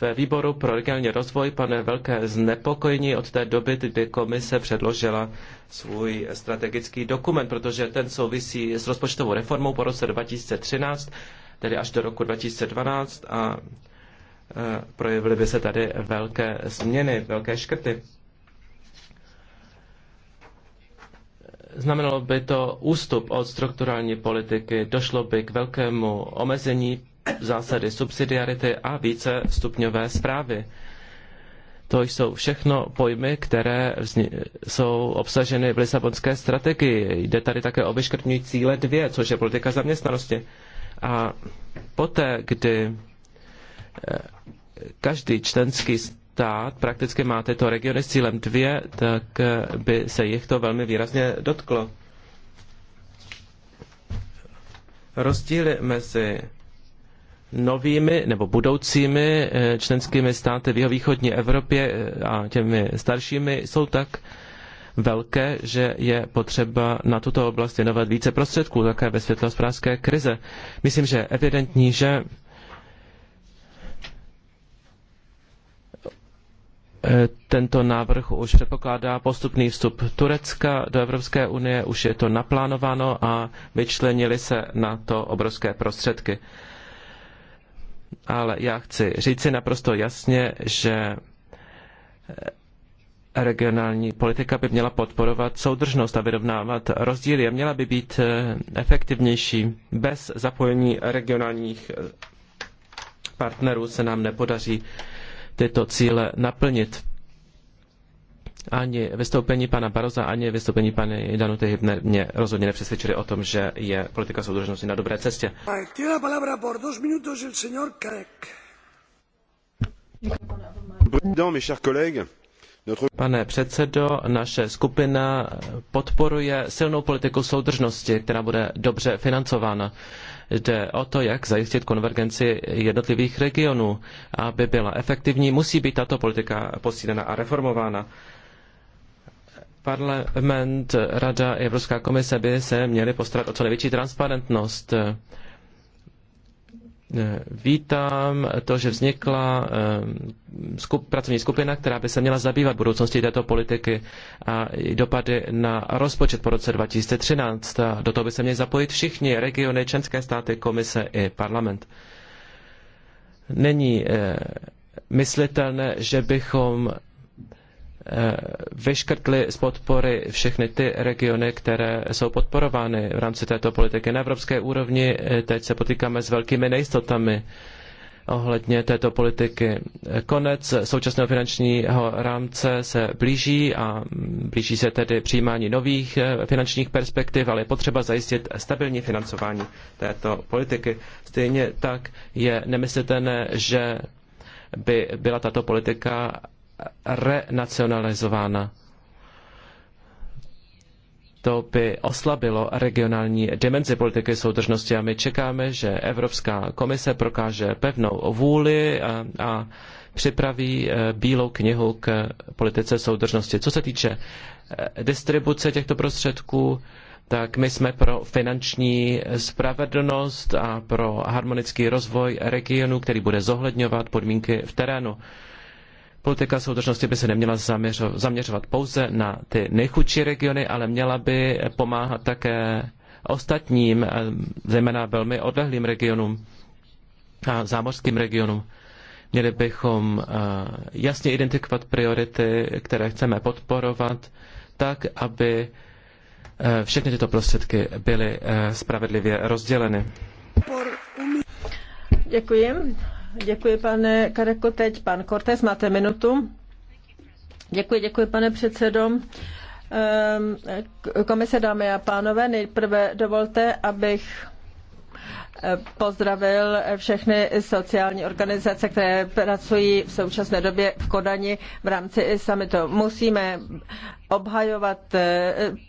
ve výboru pro regionální rozvoj pane velké znepokojení od té doby, kdy komise předložila svůj strategický dokument, protože ten souvisí s rozpočtovou reformou po roce 2013, tedy až do roku 2012 a e, projevily by se tady velké změny, velké škrty. Znamenalo by to ústup od strukturální politiky, došlo by k velkému omezení zásady subsidiarity a více stupňové zprávy. To jsou všechno pojmy, které jsou obsaženy v Lisabonské strategii. Jde tady také o vyškrtnutí cíle dvě, což je politika zaměstnanosti. A poté, kdy eh, každý členský stát, prakticky má tyto regiony s cílem dvě, tak eh, by se jich to velmi výrazně dotklo. Rozdíly mezi novými nebo budoucími eh, členskými státy v jeho východní Evropě eh, a těmi staršími jsou tak velké, že je potřeba na tuto oblast věnovat více prostředků, také ve světlo krize. Myslím, že je evidentní, že Eh, tento návrh už předpokládá postupný vstup Turecka do Evropské unie, už je to naplánováno a vyčlenili se na to obrovské prostředky. Ale já chci říci naprosto jasně, že eh, regionální politika by měla podporovat soudržnost a vyrovnávat rozdíly a měla by být eh, efektivnější. Bez zapojení regionálních partnerů se nám nepodaří tyto cíle naplnit. Ani vystoupení pana Baroza, ani vystoupení paní Danuty Hybner mě rozhodně nepřesvědčili o tom, že je politika soudržnosti na dobré cestě. Pane předsedo, naše skupina podporuje silnou politiku soudržnosti, která bude dobře financována. Jde o to, jak zajistit konvergenci jednotlivých regionů. Aby byla efektivní, musí být tato politika posílena a reformována. Parlament, Rada i Evropská komise by se měly postarat o co největší transparentnost Eh, vítám to, že vznikla eh, skup, pracovní skupina, která by se měla zabývat budoucností této politiky a dopady na rozpočet po roce 2013. A do toho by se měli zapojit všichni regiony, členské státy, komise i parlament. Není eh, myslitelné, že bychom Eh, vyškrtli z podpory všechny ty regiony, které jsou podporovány v rámci této politiky. Na evropské úrovni eh, teď se potýkáme s velkými nejistotami ohledně této politiky. Konec současného finančního rámce se blíží a blíží se tedy přijímání nových eh, finančních perspektiv, ale je potřeba zajistit stabilní financování této politiky. Stejně tak je nemyslitelné, že by byla tato politika renacionalizována. To by oslabilo regionální dimenzi politiky soudržnosti a my čekáme, že Evropská komise prokáže pevnou vůli a, a připraví eh, bílou knihu k politice soudržnosti. Co se týče eh, distribuce těchto prostředků, tak my jsme pro finanční spravedlnost a pro harmonický rozvoj regionu, který bude zohledňovat podmínky v terénu. Politika soudržnosti by se neměla zaměřovat pouze na ty nejchudší regiony, ale měla by pomáhat také ostatním, eh, zejména velmi odlehlým regionům a zámořským regionům. Měli bychom eh, jasně identifikovat priority, které chceme podporovat, tak, aby eh, všechny tyto prostředky byly spravedlivě rozděleny. Děkuji. Děkuji, pane Kareko. Teď pan Cortés, máte minutu. Děkuji, děkuji, pane předsedo. Ehm, komise, dámy a pánové, nejprve dovolte, abych eh, pozdravil všechny sociální organizace, které pracují v současné době v Kodani v rámci summitu. Musíme obhajovat eh,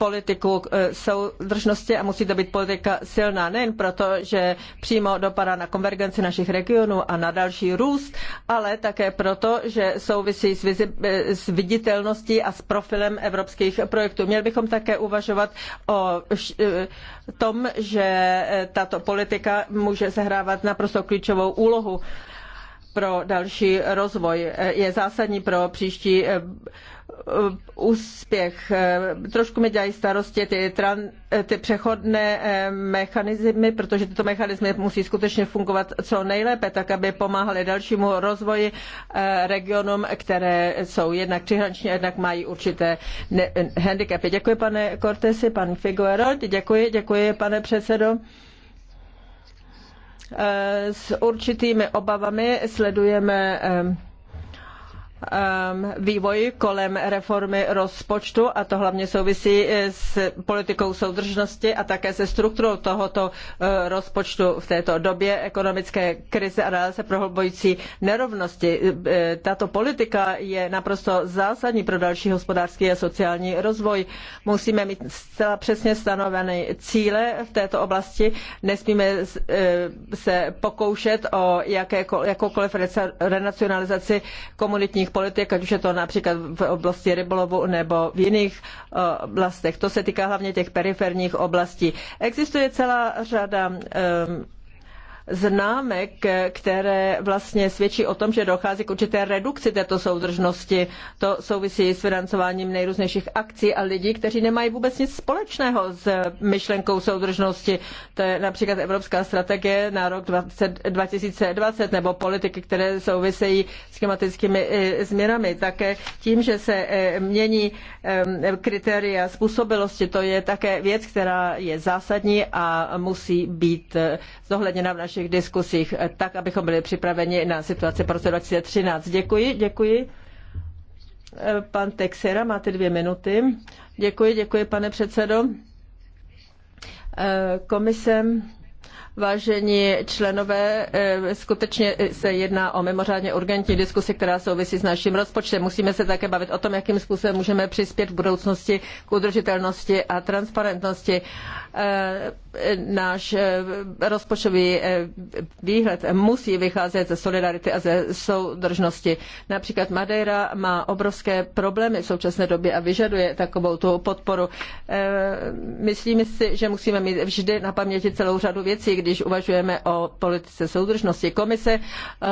politiku eh, soudržnosti a musí to být politika silná nejen proto, že přímo dopadá na konvergenci našich regionů a na další růst, ale také proto, že souvisí s, eh, viditelností a s profilem evropských projektů. Měli bychom také uvažovat o tom, že tato politika může sehrávat naprosto klíčovou úlohu pro další rozvoj. Je zásadní pro příští Uh, úspěch. Eh, trošku mi dělají starosti ty, tran, eh, ty přechodné eh, mechanismy, protože tyto mechanismy musí skutečně fungovat co nejlépe, tak aby pomáhaly dalšímu rozvoji regionům, které jsou jednak přihraniční, jednak mají určité ne- handicapy. Děkuji, pane Cortesi, pan Figuero, děkuji, děkuji, pane předsedo s určitými obavami sledujeme Um, Vývoj kolem reformy rozpočtu a to hlavně souvisí eh, s politikou soudržnosti a také se strukturou tohoto eh, rozpočtu v této době ekonomické krize a dále se prohlubující nerovnosti. Eh, tato politika je naprosto zásadní pro další hospodářský a sociální rozvoj. Musíme mít zcela přesně stanovené cíle v této oblasti. Nesmíme se pokoušet o jakékoliv renacionalizaci komunitních zahraničních politik, ať už je to například v oblasti rybolovu nebo v jiných eh, oblastech. To se týká hlavně těch periferních oblastí. Existuje celá řada eh, známek, které vlastně svědčí o tom, že dochází k určité redukci této soudržnosti. To souvisí s financováním nejrůznějších akcí a lidí, kteří nemají vůbec nic společného s myšlenkou soudržnosti. To je například Evropská strategie na rok 20, 2020 nebo politiky, které souvisejí s klimatickými eh, změnami. Také tím, že se eh, mění eh, kritéria způsobilosti, to je také věc, která je zásadní a musí být zohledněna v našich našich diskusích, eh, tak abychom byli připraveni na situaci po roce 2013. Děkuji, děkuji. Eh, pan Texera, máte dvě minuty. Děkuji, děkuji, pane předsedo. Eh, Komisem Vážení členové, skutečně se jedná o mimořádně urgentní diskusi, která souvisí s naším rozpočtem. Musíme se také bavit o tom, jakým způsobem můžeme přispět v budoucnosti k udržitelnosti a transparentnosti. Eh, náš eh, rozpočtový eh, výhled musí vycházet ze solidarity a ze soudržnosti. Například Madeira má obrovské problémy v současné době a vyžaduje takovou tu podporu. Myslím si, že musíme mít vždy na paměti celou řadu věcí, když uvažujeme o politice soudržnosti. Komise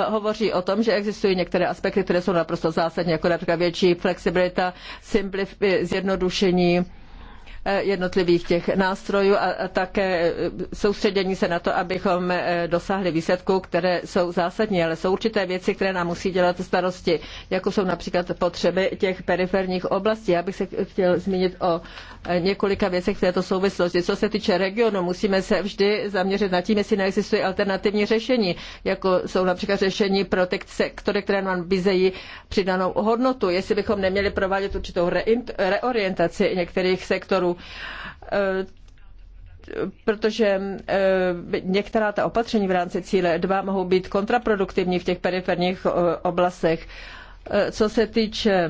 hovoří o tom, že existují některé aspekty, které jsou naprosto zásadní, jako například větší flexibilita, zjednodušení Eh, jednotlivých těch nástrojů a také eh, soustředění se na to, abychom eh, dosáhli výsledků, které jsou zásadní, ale jsou určité věci, které nám musí dělat starosti, jako jsou například potřeby těch periferních oblastí. Já bych se chtěl zmínit o několika věcech v této souvislosti. Co se týče regionu, musíme se vždy zaměřit na tím, jestli neexistují alternativní řešení, jako jsou například řešení pro ty sektory, které nám bizejí přidanou hodnotu, jestli bychom neměli provádět určitou reorientaci některých sektorů Eh, protože eh, některá ta opatření v rámci cíle 2 mohou být kontraproduktivní v těch periferních eh, oblastech. Co se týče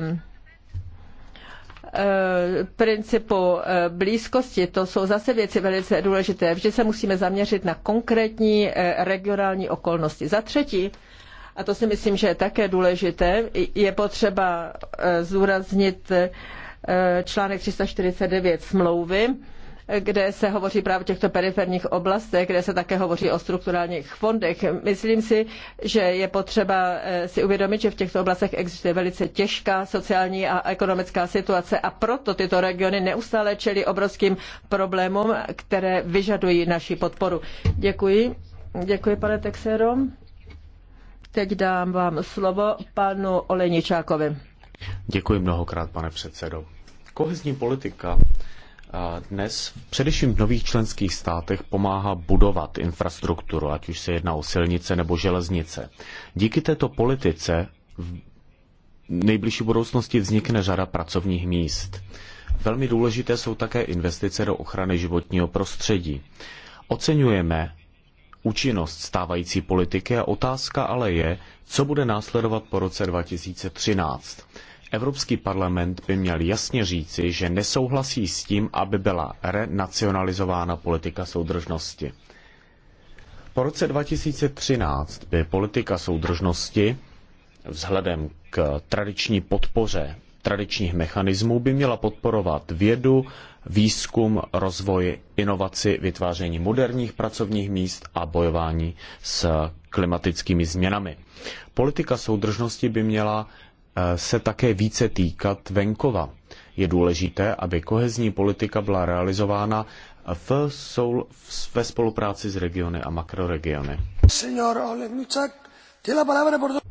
principu blízkosti, to jsou zase věci velice důležité. Vždy se musíme zaměřit na konkrétní regionální okolnosti. Za třetí, a to si myslím, že je také důležité, je potřeba zúraznit Eh, článek 349 smlouvy kde se hovoří právě o těchto periferních oblastech, kde se také hovoří o strukturálních fondech. Myslím si, že je potřeba eh, si uvědomit, že v těchto oblastech existuje velice těžká sociální a ekonomická situace a proto tyto regiony neustále čelí obrovským problémům, které vyžadují naši podporu. Děkuji. Děkuji, pane Texero. Teď dám vám slovo panu Olejničákovi. Děkuji mnohokrát, pane předsedo. Kohezní politika dnes především v nových členských státech pomáhá budovat infrastrukturu, ať už se jedná o silnice nebo železnice. Díky této politice v nejbližší budoucnosti vznikne řada pracovních míst. Velmi důležité jsou také investice do ochrany životního prostředí. Oceňujeme účinnost stávající politiky a otázka ale je, co bude následovat po roce 2013. Evropský parlament by měl jasně říci, že nesouhlasí s tím, aby byla renacionalizována politika soudržnosti. Po roce 2013 by politika soudržnosti vzhledem k tradiční podpoře tradičních mechanismů by měla podporovat vědu, výzkum, rozvoj, inovaci, vytváření moderních pracovních míst a bojování s klimatickými změnami. Politika soudržnosti by měla se také více týkat venkova. Je důležité, aby kohezní politika byla realizována v soul, ve spolupráci s regiony a makroregiony.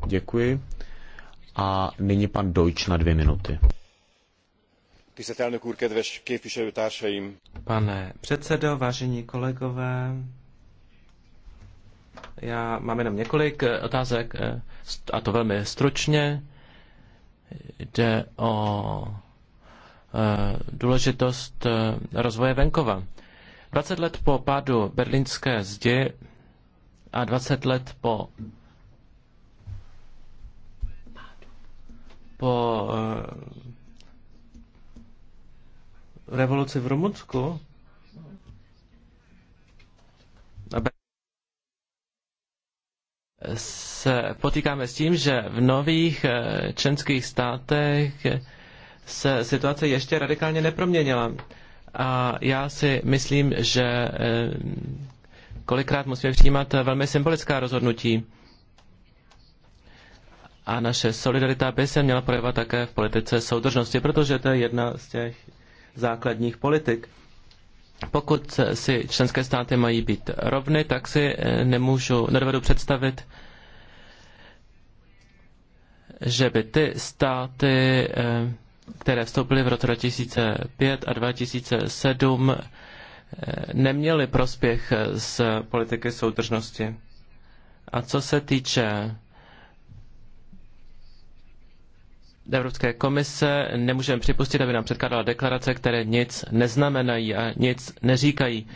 Děkuji. A nyní pan Dojč na dvě minuty. Pane předsedo, vážení kolegové, já mám jenom několik eh, otázek, eh, a to velmi stručně. Jde o eh, důležitost eh, rozvoje venkova. 20 let po pádu berlínské zdi a 20 let po po eh, revoluci v Rumunsku se potýkáme s tím, že v nových eh, členských státech se situace ještě radikálně neproměnila. A já si myslím, že eh, kolikrát musíme přijímat velmi symbolická rozhodnutí. A naše solidarita by se měla projevat také v politice soudržnosti, protože to je jedna z těch základních politik. Pokud si členské státy mají být rovny, tak si eh, nemůžu, nedovedu představit, že by ty státy, eh, které vstoupily v roce 2005 a 2007, eh, neměly prospěch z politiky soudržnosti. A co se týče Evropské komise nemůžeme připustit, aby nám předkládala deklarace, které nic neznamenají a nic neříkají.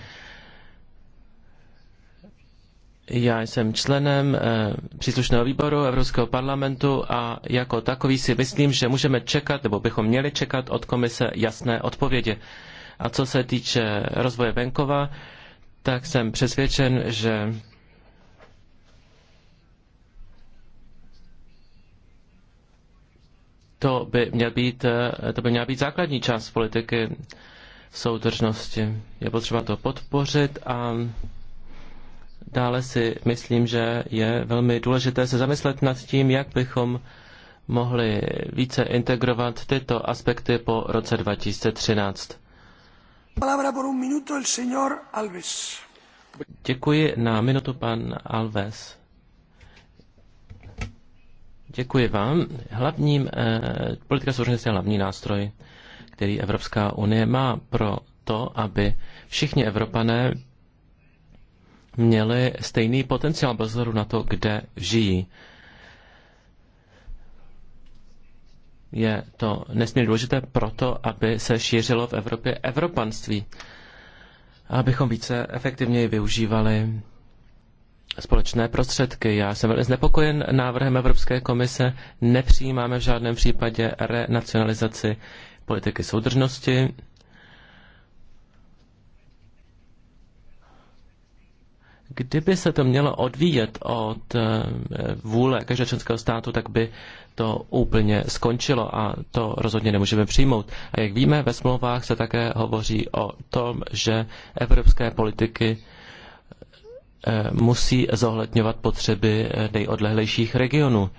Já jsem členem eh, příslušného výboru Evropského parlamentu a jako takový si myslím, že můžeme čekat, nebo bychom měli čekat od komise jasné odpovědi. A co se týče rozvoje venkova, tak jsem přesvědčen, že To by, měl být, eh, to by měla být základní část politiky soudržnosti. Je potřeba to podpořit a dále si myslím, že je velmi důležité se zamyslet nad tím, jak bychom mohli více integrovat tyto aspekty po roce 2013. Děkuji na minutu pan Alves. Děkuji vám. Hlavním, eh, politika soudržnosti je hlavní nástroj, který Evropská unie má pro to, aby všichni Evropané měli stejný potenciál bez na to, kde žijí. Je to nesmírně důležité proto, aby se šířilo v Evropě evropanství, abychom více efektivněji využívali společné prostředky. Já jsem velmi znepokojen návrhem Evropské komise. Nepřijímáme v žádném případě renacionalizaci politiky soudržnosti. Kdyby se to mělo odvíjet od eh, vůle každého členského státu, tak by to úplně skončilo a to rozhodně nemůžeme přijmout. A jak víme, ve smlouvách se také hovoří o tom, že evropské politiky Eh, musí zohledňovat potřeby eh, nejodlehlejších regionů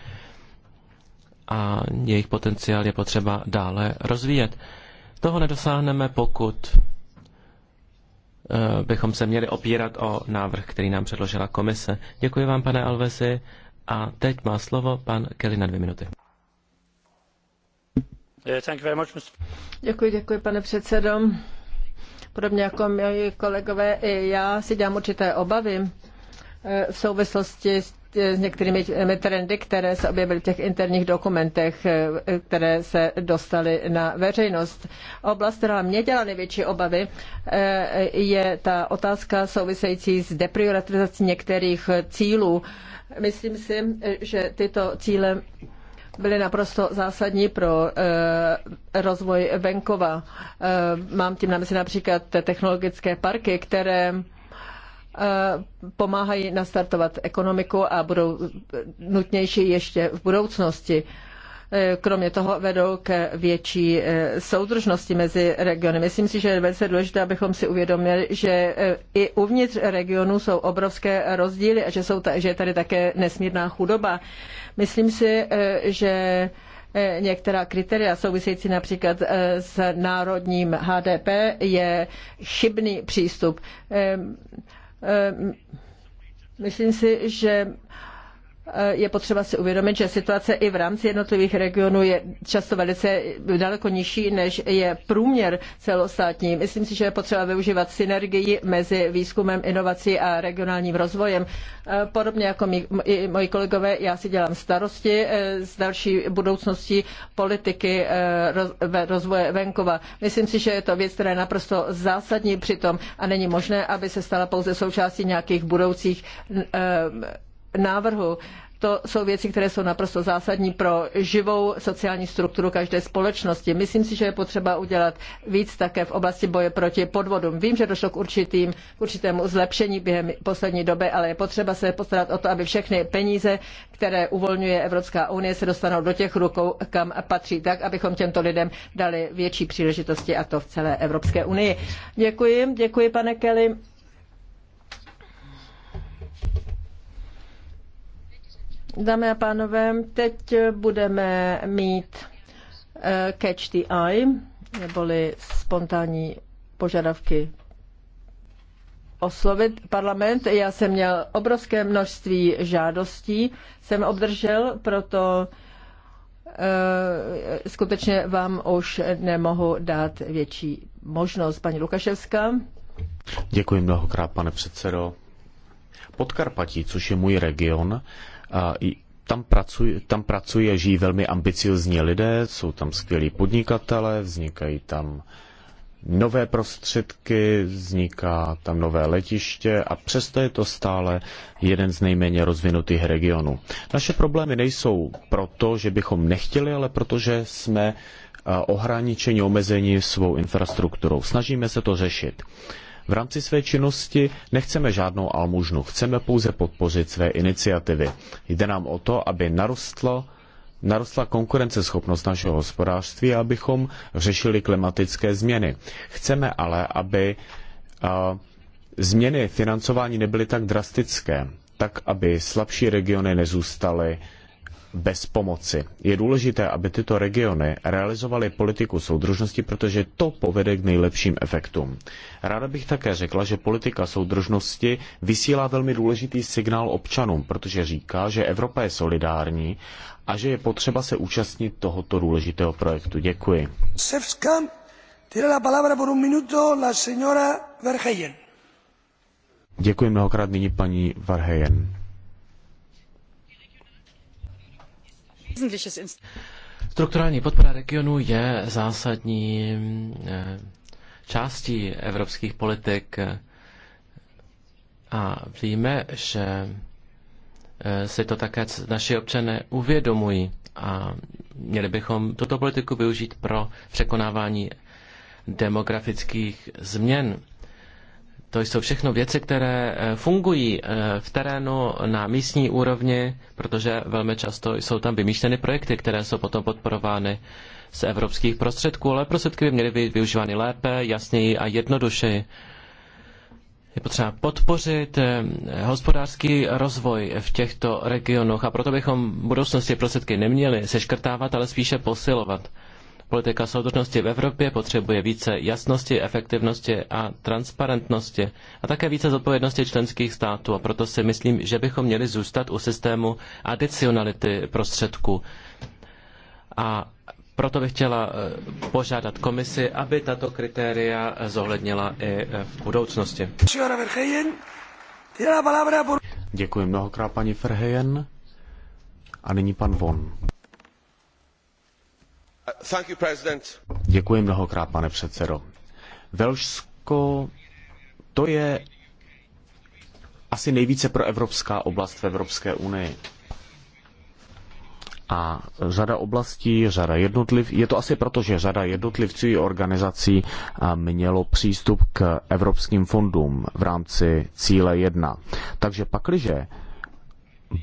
a jejich potenciál je potřeba dále rozvíjet. Toho nedosáhneme, pokud eh, bychom se měli opírat o návrh, který nám předložila komise. Děkuji vám, pane Alvesi. A teď má slovo pan Kelly na dvě minuty. Děkuji, děkuji, pane předsedo. Podobně jako moji kolegové, i já si dělám určité obavy eh, v souvislosti s eh, s některými trendy, které se objevily v těch interních dokumentech, eh, které se dostaly na veřejnost. Oblast, která mě dělá největší obavy, je ta otázka související s deprioritizací některých cílů. Myslím si, že tyto cíle byly naprosto zásadní pro eh, rozvoj venkova. Eh, mám tím na mysli například technologické parky, které eh, pomáhají nastartovat ekonomiku a budou nutnější ještě v budoucnosti. Eh, kromě toho vedou k větší eh, soudržnosti mezi regiony. Myslím si, že je velice důležité, abychom si uvědomili, že eh, i uvnitř regionu jsou obrovské rozdíly a že, jsou ta, že je tady také nesmírná chudoba. Myslím si, že některá kritéria související například s národním HDP je chybný přístup. Myslím si, že Eh, je potřeba si uvědomit, že situace i v rámci jednotlivých regionů je často velice daleko nižší, než je průměr celostátní. Myslím si, že je potřeba využívat synergii mezi výzkumem, inovací a regionálním rozvojem. Eh, podobně jako mý, i moji kolegové, já si dělám starosti eh, s další budoucností politiky rozvoje venkova. Myslím si, že je to věc, která je naprosto zásadní přitom a není možné, aby se stala pouze součástí nějakých budoucích návrhu. To jsou věci, které jsou naprosto zásadní pro živou sociální strukturu každé společnosti. Myslím si, že je potřeba udělat víc také v oblasti boje proti podvodům. Vím, že došlo k, určitým, k určitému zlepšení během poslední doby, ale je potřeba se postarat o to, aby všechny peníze, které uvolňuje Evropská unie, se dostanou do těch rukou, kam patří, tak, abychom těmto lidem dali větší příležitosti a to v celé Evropské unii. Děkuji, děkuji pane Kelly. Dámy a pánové, teď budeme mít eh, catch the eye, neboli spontánní požadavky oslovit parlament. Já jsem měl obrovské množství žádostí, jsem obdržel, proto eh, skutečně vám už nemohu dát větší možnost. Paní Lukaševská. Děkuji mnohokrát, pane předsedo. Podkarpatí, což je můj region, tam, pracují, tam pracuje, žijí velmi ambiciozní lidé, jsou tam skvělí podnikatele, vznikají tam nové prostředky, vzniká tam nové letiště a přesto je to stále jeden z nejméně rozvinutých regionů. Naše problémy nejsou proto, že bychom nechtěli, ale protože jsme eh, ohraničeni, omezeni svou infrastrukturou. Snažíme se to řešit. V rámci své činnosti nechceme žádnou almužnu, chceme pouze podpořit své iniciativy. Jde nám o to, aby narostlo narostla konkurenceschopnost našeho hospodářství, abychom řešili klimatické změny. Chceme ale, aby a, změny financování nebyly tak drastické, tak aby slabší regiony nezůstaly bez pomoci. Je důležité, aby tyto regiony realizovaly politiku soudržnosti, protože to povede k nejlepším efektům. Ráda bych také řekla, že politika soudržnosti vysílá velmi důležitý signál občanům, protože říká, že Evropa je solidární a že je potřeba se účastnit tohoto důležitého projektu. Děkuji. Sevská, la palabra por un minuto la señora Verheyen. Děkuji mnohokrát nyní paní Verheyen. Strukturální podpora regionu je zásadní eh, částí evropských politik a víme, že eh, si to také naši občané uvědomují a měli bychom tuto politiku využít pro překonávání demografických změn. To jsou všechno věci, které eh, fungují eh, v terénu na místní úrovni, protože velmi často jsou tam vymýšleny projekty, které jsou potom podporovány z evropských prostředků, ale prostředky by měly být využívány lépe, jasněji a jednodušeji. Je potřeba podpořit eh, hospodářský rozvoj v těchto regionech a proto bychom v budoucnosti prostředky neměli seškrtávat, ale spíše posilovat. Politika soudržnosti v Evropě potřebuje více jasnosti, efektivnosti a transparentnosti a také více zodpovědnosti členských států. A proto si myslím, že bychom měli zůstat u systému adicionality prostředků. A proto bych chtěla eh, požádat komisi, aby tato kritéria eh, zohlednila i eh, v budoucnosti. Děkuji mnohokrát, paní Ferhejen. A nyní pan Von. Děkuji mnohokrát, pane předsedo. Velšsko to je asi nejvíce proevropská oblast v Evropské unii. A řada oblastí, řada jednotliv, je to asi proto, že řada jednotlivců i organizací mělo přístup k evropským fondům v rámci cíle 1. Takže pakliže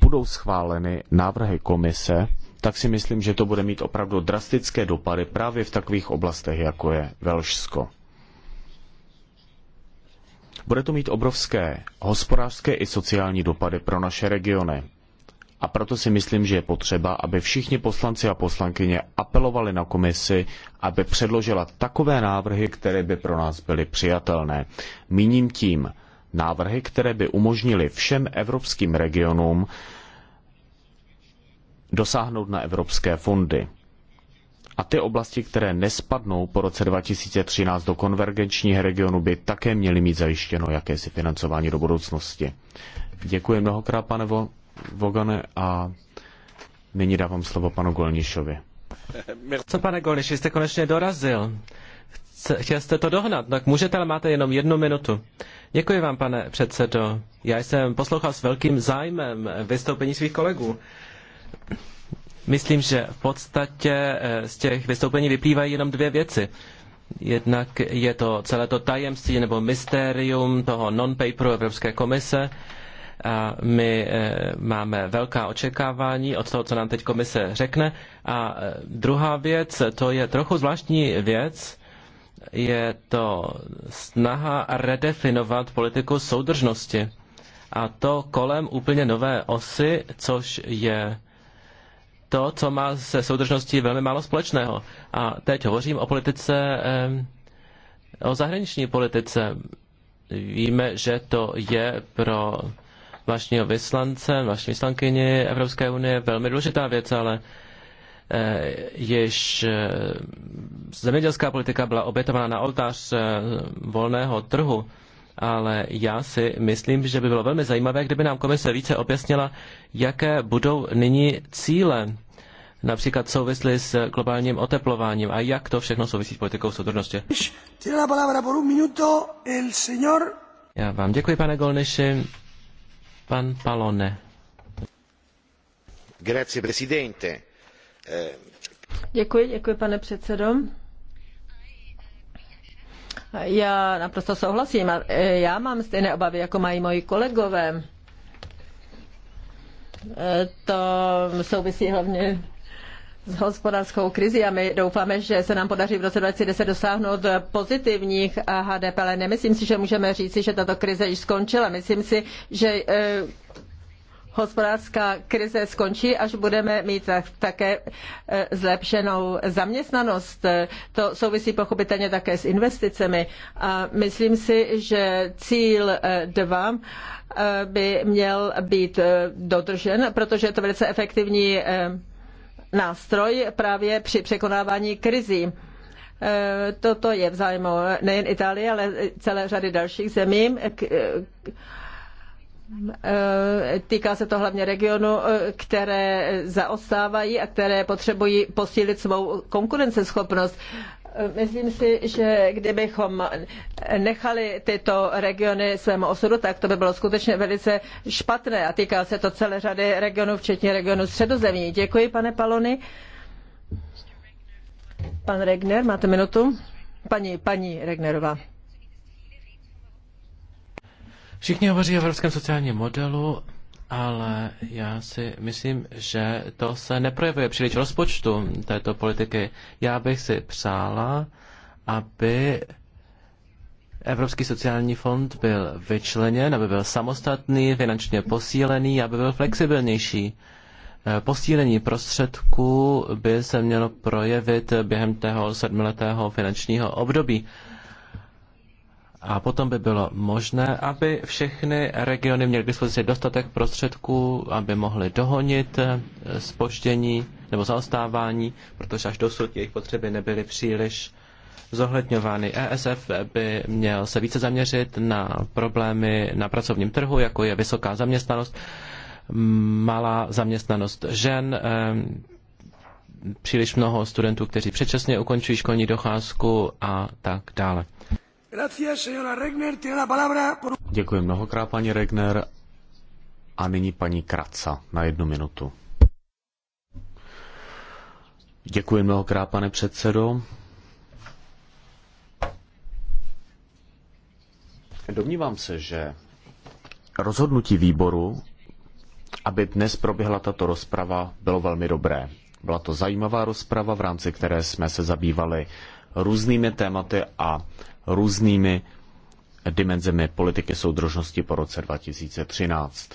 budou schváleny návrhy komise, tak si myslím, že to bude mít opravdu drastické dopady právě v takových oblastech, jako je Velšsko. Bude to mít obrovské hospodářské i sociální dopady pro naše regiony. A proto si myslím, že je potřeba, aby všichni poslanci a poslankyně apelovali na komisi, aby předložila takové návrhy, které by pro nás byly přijatelné. Míním tím návrhy, které by umožnily všem evropským regionům dosáhnout na evropské fondy. A ty oblasti, které nespadnou po roce 2013 do konvergenčních regionů, by také měly mít zajištěno jakési financování do budoucnosti. Děkuji mnohokrát, pane Vogane, a nyní dávám slovo panu Golnišovi. Co, pane Golniš, jste konečně dorazil. Chtěl jste to dohnat, tak můžete, ale máte jenom jednu minutu. Děkuji vám, pane předsedo. Já jsem poslouchal s velkým zájmem vystoupení svých kolegů myslím, že v podstatě eh, z těch vystoupení vyplývají jenom dvě věci. Jednak je to celé to tajemství nebo mystérium toho non-paperu Evropské komise. A my eh, máme velká očekávání od toho, co nám teď komise řekne. A eh, druhá věc, to je trochu zvláštní věc, je to snaha redefinovat politiku soudržnosti. A to kolem úplně nové osy, což je to, co má se soudržností velmi málo společného. A teď hovořím o politice, eh, o zahraniční politice. Víme, že to je pro vašního vyslance, vaší vyslankyni Evropské unie velmi důležitá věc, ale eh, jež eh, zemědělská politika byla obětována na oltář volného trhu, ale já si myslím, že by bylo velmi zajímavé, kdyby nám komise více objasnila, jaké budou nyní cíle například souvisly s globálním oteplováním a jak to všechno souvisí s politikou soudržnosti. Já vám děkuji, pane Golniši. Pan Palone. Grazie, presidente. Eh, děkuji, děkuji, pane předsedo. Já naprosto souhlasím. E, já mám stejné obavy, jako mají moji kolegové. E, to souvisí hlavně s hospodářskou krizi a my doufáme, že se nám podaří v roce 2010 dosáhnout pozitivních HDP, ale nemyslím si, že můžeme říci, že tato krize již skončila. Myslím si, že e, hospodářská krize skončí, až budeme mít také e, zlepšenou zaměstnanost. To souvisí pochopitelně také s investicemi. A myslím si, že cíl 2 e, e, by měl být dodržen, protože je to velice efektivní nástroj právě při překonávání krizí. Toto je v zájmu nejen Itálie, ale celé řady dalších zemí, Eh, týká se to hlavně regionů, eh, které zaostávají a které potřebují posílit svou konkurenceschopnost. Eh, myslím si, že kdybychom nechali tyto regiony svému osudu, tak to by bylo skutečně velice špatné a týká se to celé řady regionů, včetně regionu středozemí. Děkuji, pane Palony. Pan Regner, máte minutu? Paní, paní Regnerová. Všichni hovoří o evropském sociálním modelu, ale já si myslím, že to se neprojevuje příliš rozpočtu této politiky. Já bych si přála, aby Evropský sociální fond byl vyčleněn, aby byl samostatný, finančně posílený, aby byl flexibilnější. Eh, posílení prostředků by se mělo projevit během tého sedmiletého finančního období. A potom by bylo možné, aby všechny regiony měly k dispozici dostatek prostředků, aby mohly dohonit spoždění eh, nebo zaostávání, protože až dosud jejich potřeby nebyly příliš zohledňovány. ESF by měl se více zaměřit na problémy na pracovním trhu, jako je vysoká zaměstnanost, malá zaměstnanost žen, eh, příliš mnoho studentů, kteří předčasně ukončují školní docházku a tak dále. Děkuji mnohokrát, paní Regner. A nyní paní Kraca na jednu minutu. Děkuji mnohokrát, pane předsedo. Domnívám se, že rozhodnutí výboru, aby dnes proběhla tato rozprava, bylo velmi dobré. Byla to zajímavá rozprava, v rámci které jsme se zabývali různými tématy a různými dimenzemi politiky soudržnosti po roce 2013.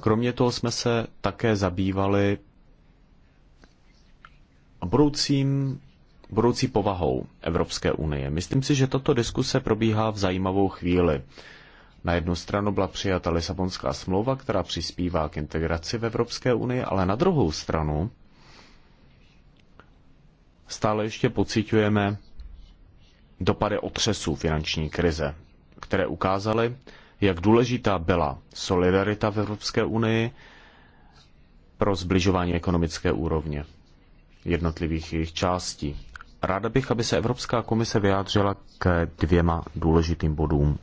Kromě toho jsme se také zabývali budoucím, budoucí povahou Evropské unie. Myslím si, že tato diskuse probíhá v zajímavou chvíli. Na jednu stranu byla přijata Lisabonská smlouva, která přispívá k integraci v Evropské unii, ale na druhou stranu stále ještě pocitujeme dopady otřesů finanční krize, které ukázaly, jak důležitá byla solidarita v Evropské unii pro zbližování ekonomické úrovně jednotlivých jejich částí. Ráda bych, aby se Evropská komise vyjádřila k dvěma důležitým bodům,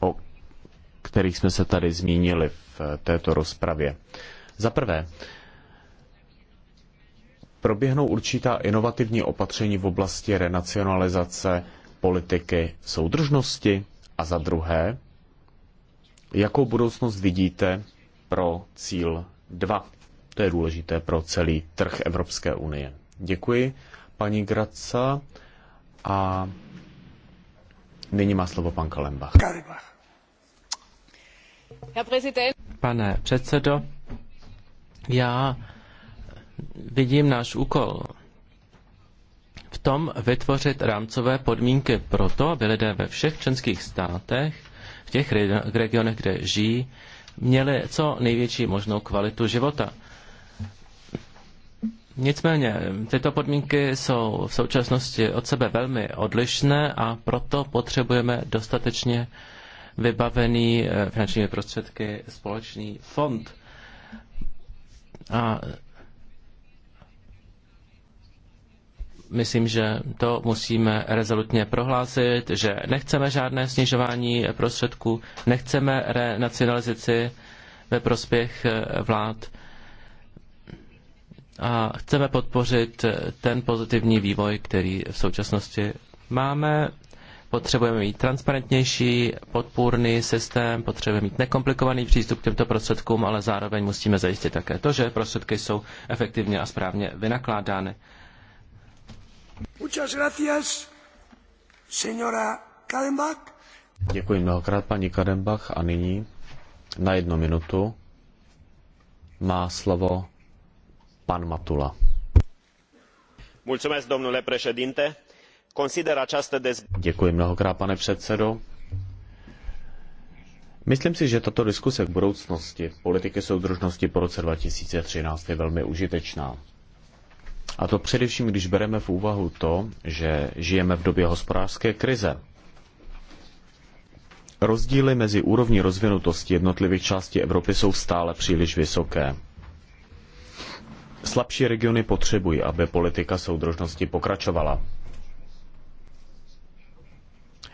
o kterých jsme se tady zmínili v této rozpravě. Za prvé, proběhnou určitá inovativní opatření v oblasti renacionalizace politiky soudržnosti? A za druhé, jakou budoucnost vidíte pro cíl 2? To je důležité pro celý trh Evropské unie. Děkuji, paní Graca. A nyní má slovo pan Kalembach. Pane předsedo, já vidím náš úkol v tom vytvořit rámcové podmínky pro to, aby lidé ve všech členských státech, v těch regionech, kde žijí, měli co největší možnou kvalitu života. Nicméně tyto podmínky jsou v současnosti od sebe velmi odlišné a proto potřebujeme dostatečně vybavený eh, finančními prostředky společný fond. A myslím, že to musíme rezolutně prohlásit, že nechceme žádné snižování prostředků, nechceme renacionalizaci ve prospěch eh, vlád a chceme podpořit ten pozitivní vývoj, který v současnosti máme. Potřebujeme mít transparentnější, podpůrný systém, potřebujeme mít nekomplikovaný přístup k těmto prostředkům, ale zároveň musíme zajistit také to, že prostředky jsou efektivně a správně vynakládány. Děkuji mnohokrát, paní Kadenbach. A nyní na jednu minutu má slovo pan Matula. Děkuji mnohokrát, pane předsedo. Myslím si, že tato diskuse k budoucnosti politiky soudržnosti po roce 2013 je velmi užitečná. A to především, když bereme v úvahu to, že žijeme v době hospodářské krize. Rozdíly mezi úrovní rozvinutosti jednotlivých částí Evropy jsou stále příliš vysoké. Slabší regiony potřebují, aby politika soudržnosti pokračovala.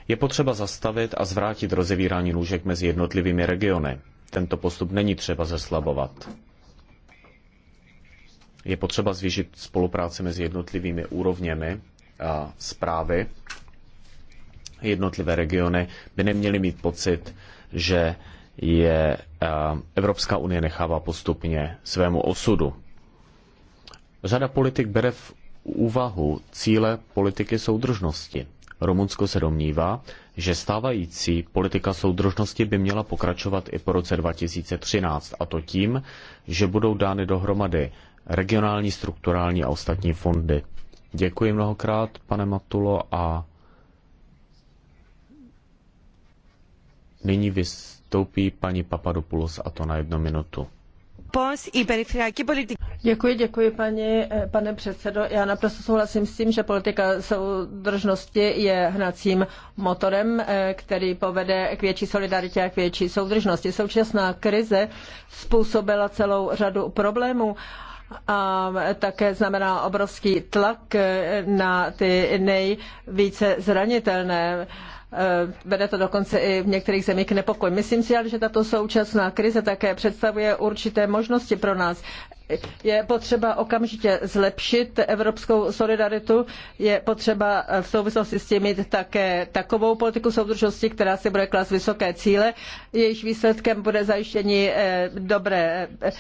Je potřeba zastavit a zvrátit rozevírání lůžek mezi jednotlivými regiony. Tento postup není třeba zeslabovat. Je potřeba zvýšit spolupráci mezi jednotlivými úrovněmi a zprávy. Jednotlivé regiony by neměly mít pocit, že je eh, Evropská unie nechává postupně svému osudu. Řada politik bere v úvahu cíle politiky soudržnosti. Rumunsko se domnívá, že stávající politika soudržnosti by měla pokračovat i po roce 2013, a to tím, že budou dány dohromady regionální, strukturální a ostatní fondy. Děkuji mnohokrát, pane Matulo, a nyní vystoupí paní Papadopoulos a to na jednu minutu. Děkuji, děkuji paní, eh, pane předsedo. Já naprosto souhlasím s tím, že politika soudržnosti je hnacím motorem, eh, který povede k větší solidaritě a k větší soudržnosti. Současná krize způsobila celou řadu problémů a také znamená obrovský tlak na ty nejvíce zranitelné. Eh, vede to dokonce i v některých zemích k nepokoj. Myslím si ale, že tato současná krize také představuje určité možnosti pro nás. Je potřeba okamžitě zlepšit evropskou solidaritu, je potřeba v souvislosti s tím mít také takovou politiku soudržnosti, která si bude klas vysoké cíle, jejíž výsledkem bude zajištění eh, dobré eh,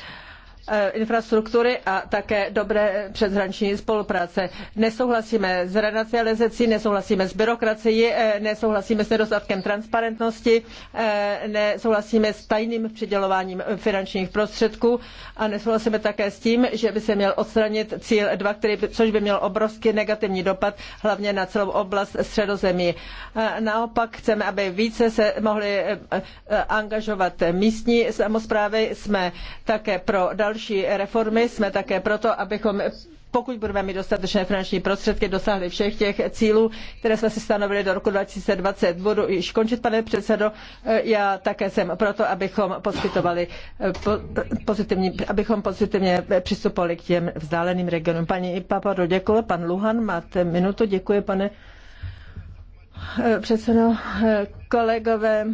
E, infrastruktury a také dobré přeshraniční spolupráce. Nesouhlasíme s renacionalizací, nesouhlasíme s byrokracií, e, nesouhlasíme s nedostatkem transparentnosti, e, nesouhlasíme s tajným přidělováním finančních prostředků a nesouhlasíme také s tím, že by se měl odstranit cíl 2, který, což by měl obrovský negativní dopad hlavně na celou oblast středozemí. Naopak chceme, aby více se mohly angažovat místní samosprávy. Jsme také pro další další reformy. Jsme také proto, abychom pokud budeme mít dostatečné finanční prostředky, dosáhli všech těch cílů, které jsme si stanovili do roku 2020. Budu již končit, pane předsedo. Já také jsem proto, abychom poskytovali pozitivní, abychom pozitivně přistupovali k těm vzdáleným regionům. Paní Papado, děkuji. Pan Luhan, máte minutu. Děkuji, pane eh, předsedo. Eh, kolegové,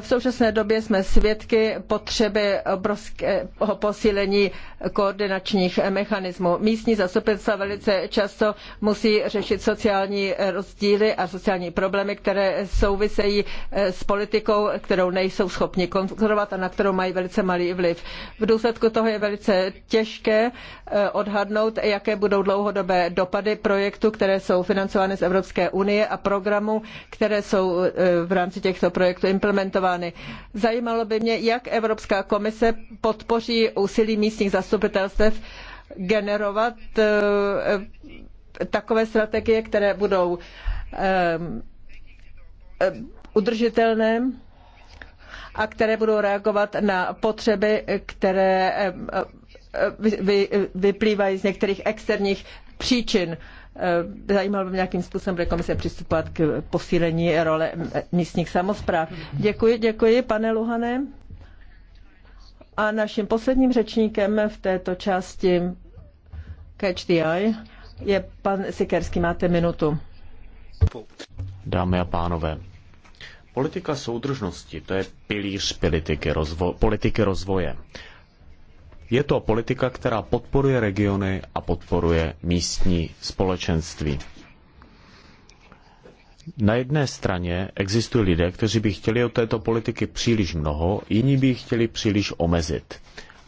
v současné době jsme svědky potřeby obrovského posílení koordinačních mechanismů. Místní zastupitelstva velice často musí řešit sociální rozdíly a sociální problémy, které souvisejí s politikou, kterou nejsou schopni kontrolovat a na kterou mají velice malý vliv. V důsledku toho je velice těžké eh, odhadnout, jaké budou dlouhodobé dopady projektů, které jsou financovány z Evropské unie a programů, které jsou eh, v rámci těchto projektů implementovány implementovány. Zajímalo by mě, jak Evropská komise podpoří úsilí místních zastupitelstev generovat eh, takové strategie, které budou ehm, eh, udržitelné a které budou reagovat na potřeby, které eh, vyplývají z některých externích příčin. Eh, zajímalo by mě, jakým způsobem bude komise přistupovat k posílení role místních samozpráv. Děkuji, děkuji, pane Luhane. A naším posledním řečníkem v této části Catch the Eye je pan Sikerský. Máte minutu. Dámy a pánové, politika soudržnosti, to je pilíř politiky, rozvo- politiky rozvoje. Je to politika, která podporuje regiony a podporuje místní společenství. Na jedné straně existují lidé, kteří by chtěli od této politiky příliš mnoho, jiní by ji chtěli příliš omezit.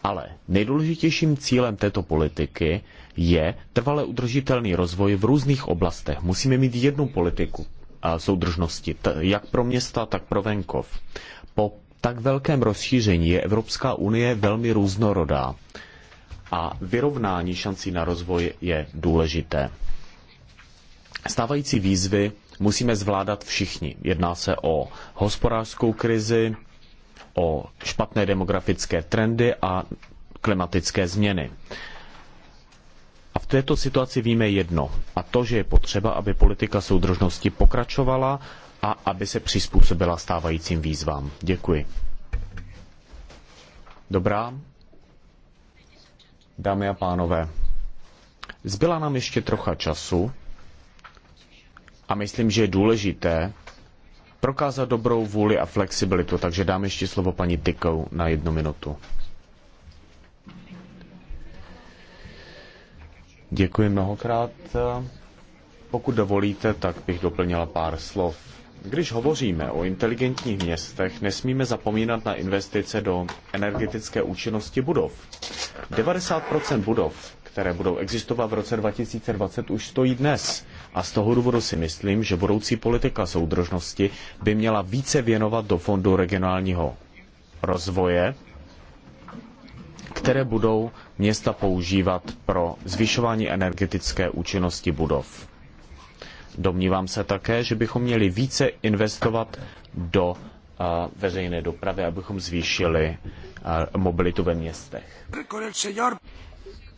Ale nejdůležitějším cílem této politiky je trvale udržitelný rozvoj v různých oblastech. Musíme mít jednu politiku soudržnosti, jak pro města, tak pro venkov. Po tak velkém rozšíření je Evropská unie velmi různorodá a vyrovnání šancí na rozvoj je důležité. Stávající výzvy musíme zvládat všichni. Jedná se o hospodářskou krizi, o špatné demografické trendy a klimatické změny. A v této situaci víme jedno, a to, že je potřeba, aby politika soudržnosti pokračovala a aby se přizpůsobila stávajícím výzvám. Děkuji. Dobrá. Dámy a pánové, zbyla nám ještě trocha času a myslím, že je důležité prokázat dobrou vůli a flexibilitu, takže dám ještě slovo paní Tykou na jednu minutu. Děkuji mnohokrát. Pokud dovolíte, tak bych doplnila pár slov. Když hovoříme o inteligentních městech, nesmíme zapomínat na investice do energetické účinnosti budov. 90 budov, které budou existovat v roce 2020, už stojí dnes. A z toho důvodu si myslím, že budoucí politika soudržnosti by měla více věnovat do fondu regionálního rozvoje, které budou města používat pro zvyšování energetické účinnosti budov. Domnívám se také, že bychom měli více investovat do eh, veřejné dopravy, abychom zvýšili eh, mobilitu ve městech.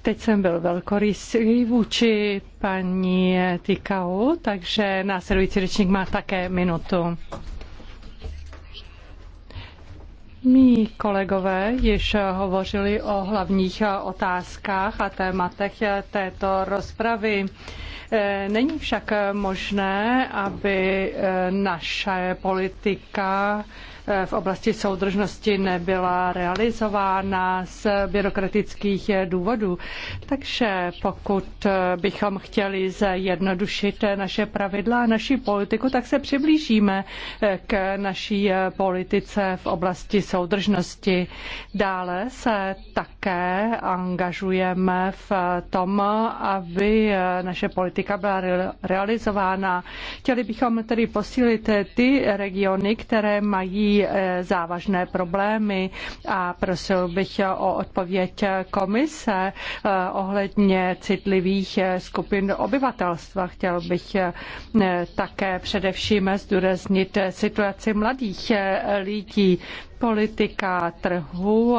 Teď jsem byl velkorysý vůči paní Tikau, takže následující řečník má také minutu. Mí kolegové již hovořili o hlavních otázkách a tématech této rozpravy. Není však možné, aby naše politika Eh, v oblasti soudržnosti nebyla realizována z byrokratických důvodů. Takže pokud eh, bychom chtěli zjednodušit eh, naše pravidla a naši politiku, tak se přiblížíme k naší politice v oblasti soudržnosti. Dále se také angažujeme v tom, aby naše politika byla realizována. Chtěli bychom tedy posílit ty regiony, které mají Eh, závažné problémy a prosil bych o odpověď komise eh, ohledně citlivých eh, skupin obyvatelstva. Chtěl bych také především zdůraznit situaci mladých lidí. Politika trhu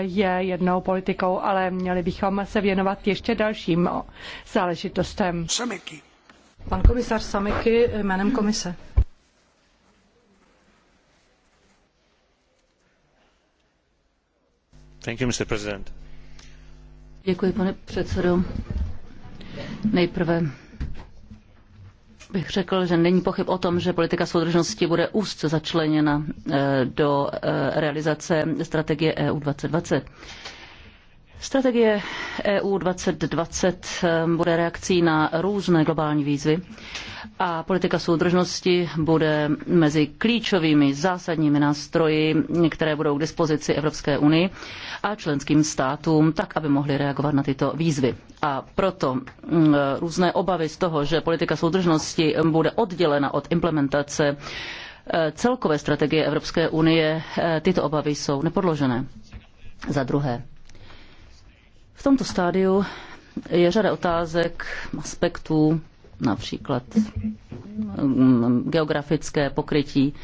je jednou politikou, ale měli bychom se věnovat ještě dalším záležitostem. Pan komisař Sameky jménem komise. Děkuji, pane předsedo. Nejprve bych řekl, že není pochyb o tom, že politika soudržnosti bude úzce začleněna eh, do eh, realizace strategie EU 2020. Strategie EU 2020 ehm, bude reakcí na různé globální výzvy a politika soudržnosti bude mezi klíčovými zásadními nástroji, které budou k dispozici Evropské unii a členským státům, tak aby mohly reagovat na tyto výzvy. A proto mm, různé obavy z toho, že politika soudržnosti bude oddělena od implementace e, celkové strategie Evropské unie, e, tyto obavy jsou nepodložené. Za druhé, v tomto stádiu je řada otázek, aspektů, například mm, geografické pokrytí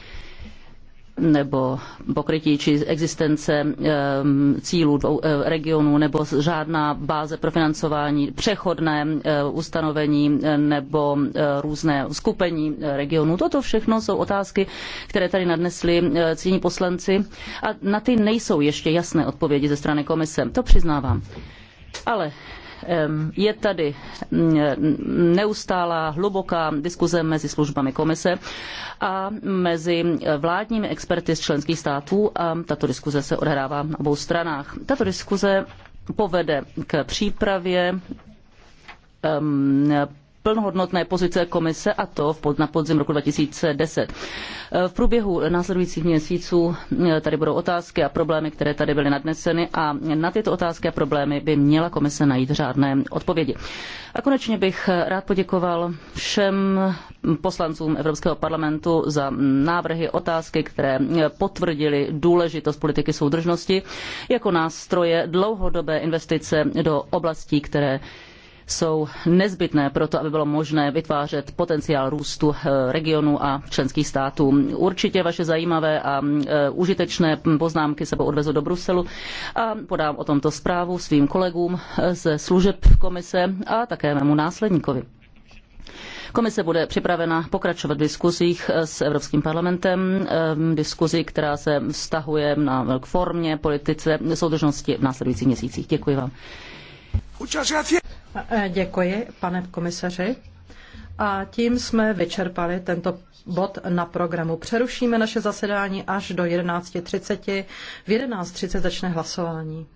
nebo pokrytí či existence ehm, cílů dvou eh, regionů nebo žádná báze pro financování, přechodné eh, ustanovení eh, nebo různé skupení regionů. Toto všechno jsou otázky, které tady nadnesli cíní poslanci a na ty nejsou ještě jasné odpovědi ze strany komise. To přiznávám. Ale je tady mm, neustálá hluboká diskuze mezi službami komise a mezi vládními experty z členských států a tato diskuze se odehrává na obou stranách. Tato diskuze povede k přípravě plnohodnotné pozice komise a to na podzim roku 2010. Eh, v průběhu následujících měsíců eh, tady budou otázky a problémy, které tady byly nadneseny a na tyto otázky a problémy by měla komise najít řádné odpovědi. A konečně bych eh, rád poděkoval všem poslancům Evropského parlamentu za návrhy, otázky, které potvrdili důležitost politiky soudržnosti jako nástroje dlouhodobé investice do oblastí, které jsou nezbytné pro to, aby bylo možné vytvářet potenciál růstu eh, regionu a členských států. Určitě vaše zajímavé a eh, užitečné poznámky sebou odvezu do Bruselu a podám o tomto zprávu svým kolegům eh, ze služeb komise a také mému následníkovi. Komise bude připravena pokračovat v diskuzích s Evropským parlamentem, diskuzi, která se vztahuje na k formě politice soudržnosti v následujících měsících. Děkuji vám. Eh, děkuji, pane komisaři. A tím jsme vyčerpali tento bod na programu. Přerušíme naše zasedání až do 11.30. V 11.30 začne hlasování.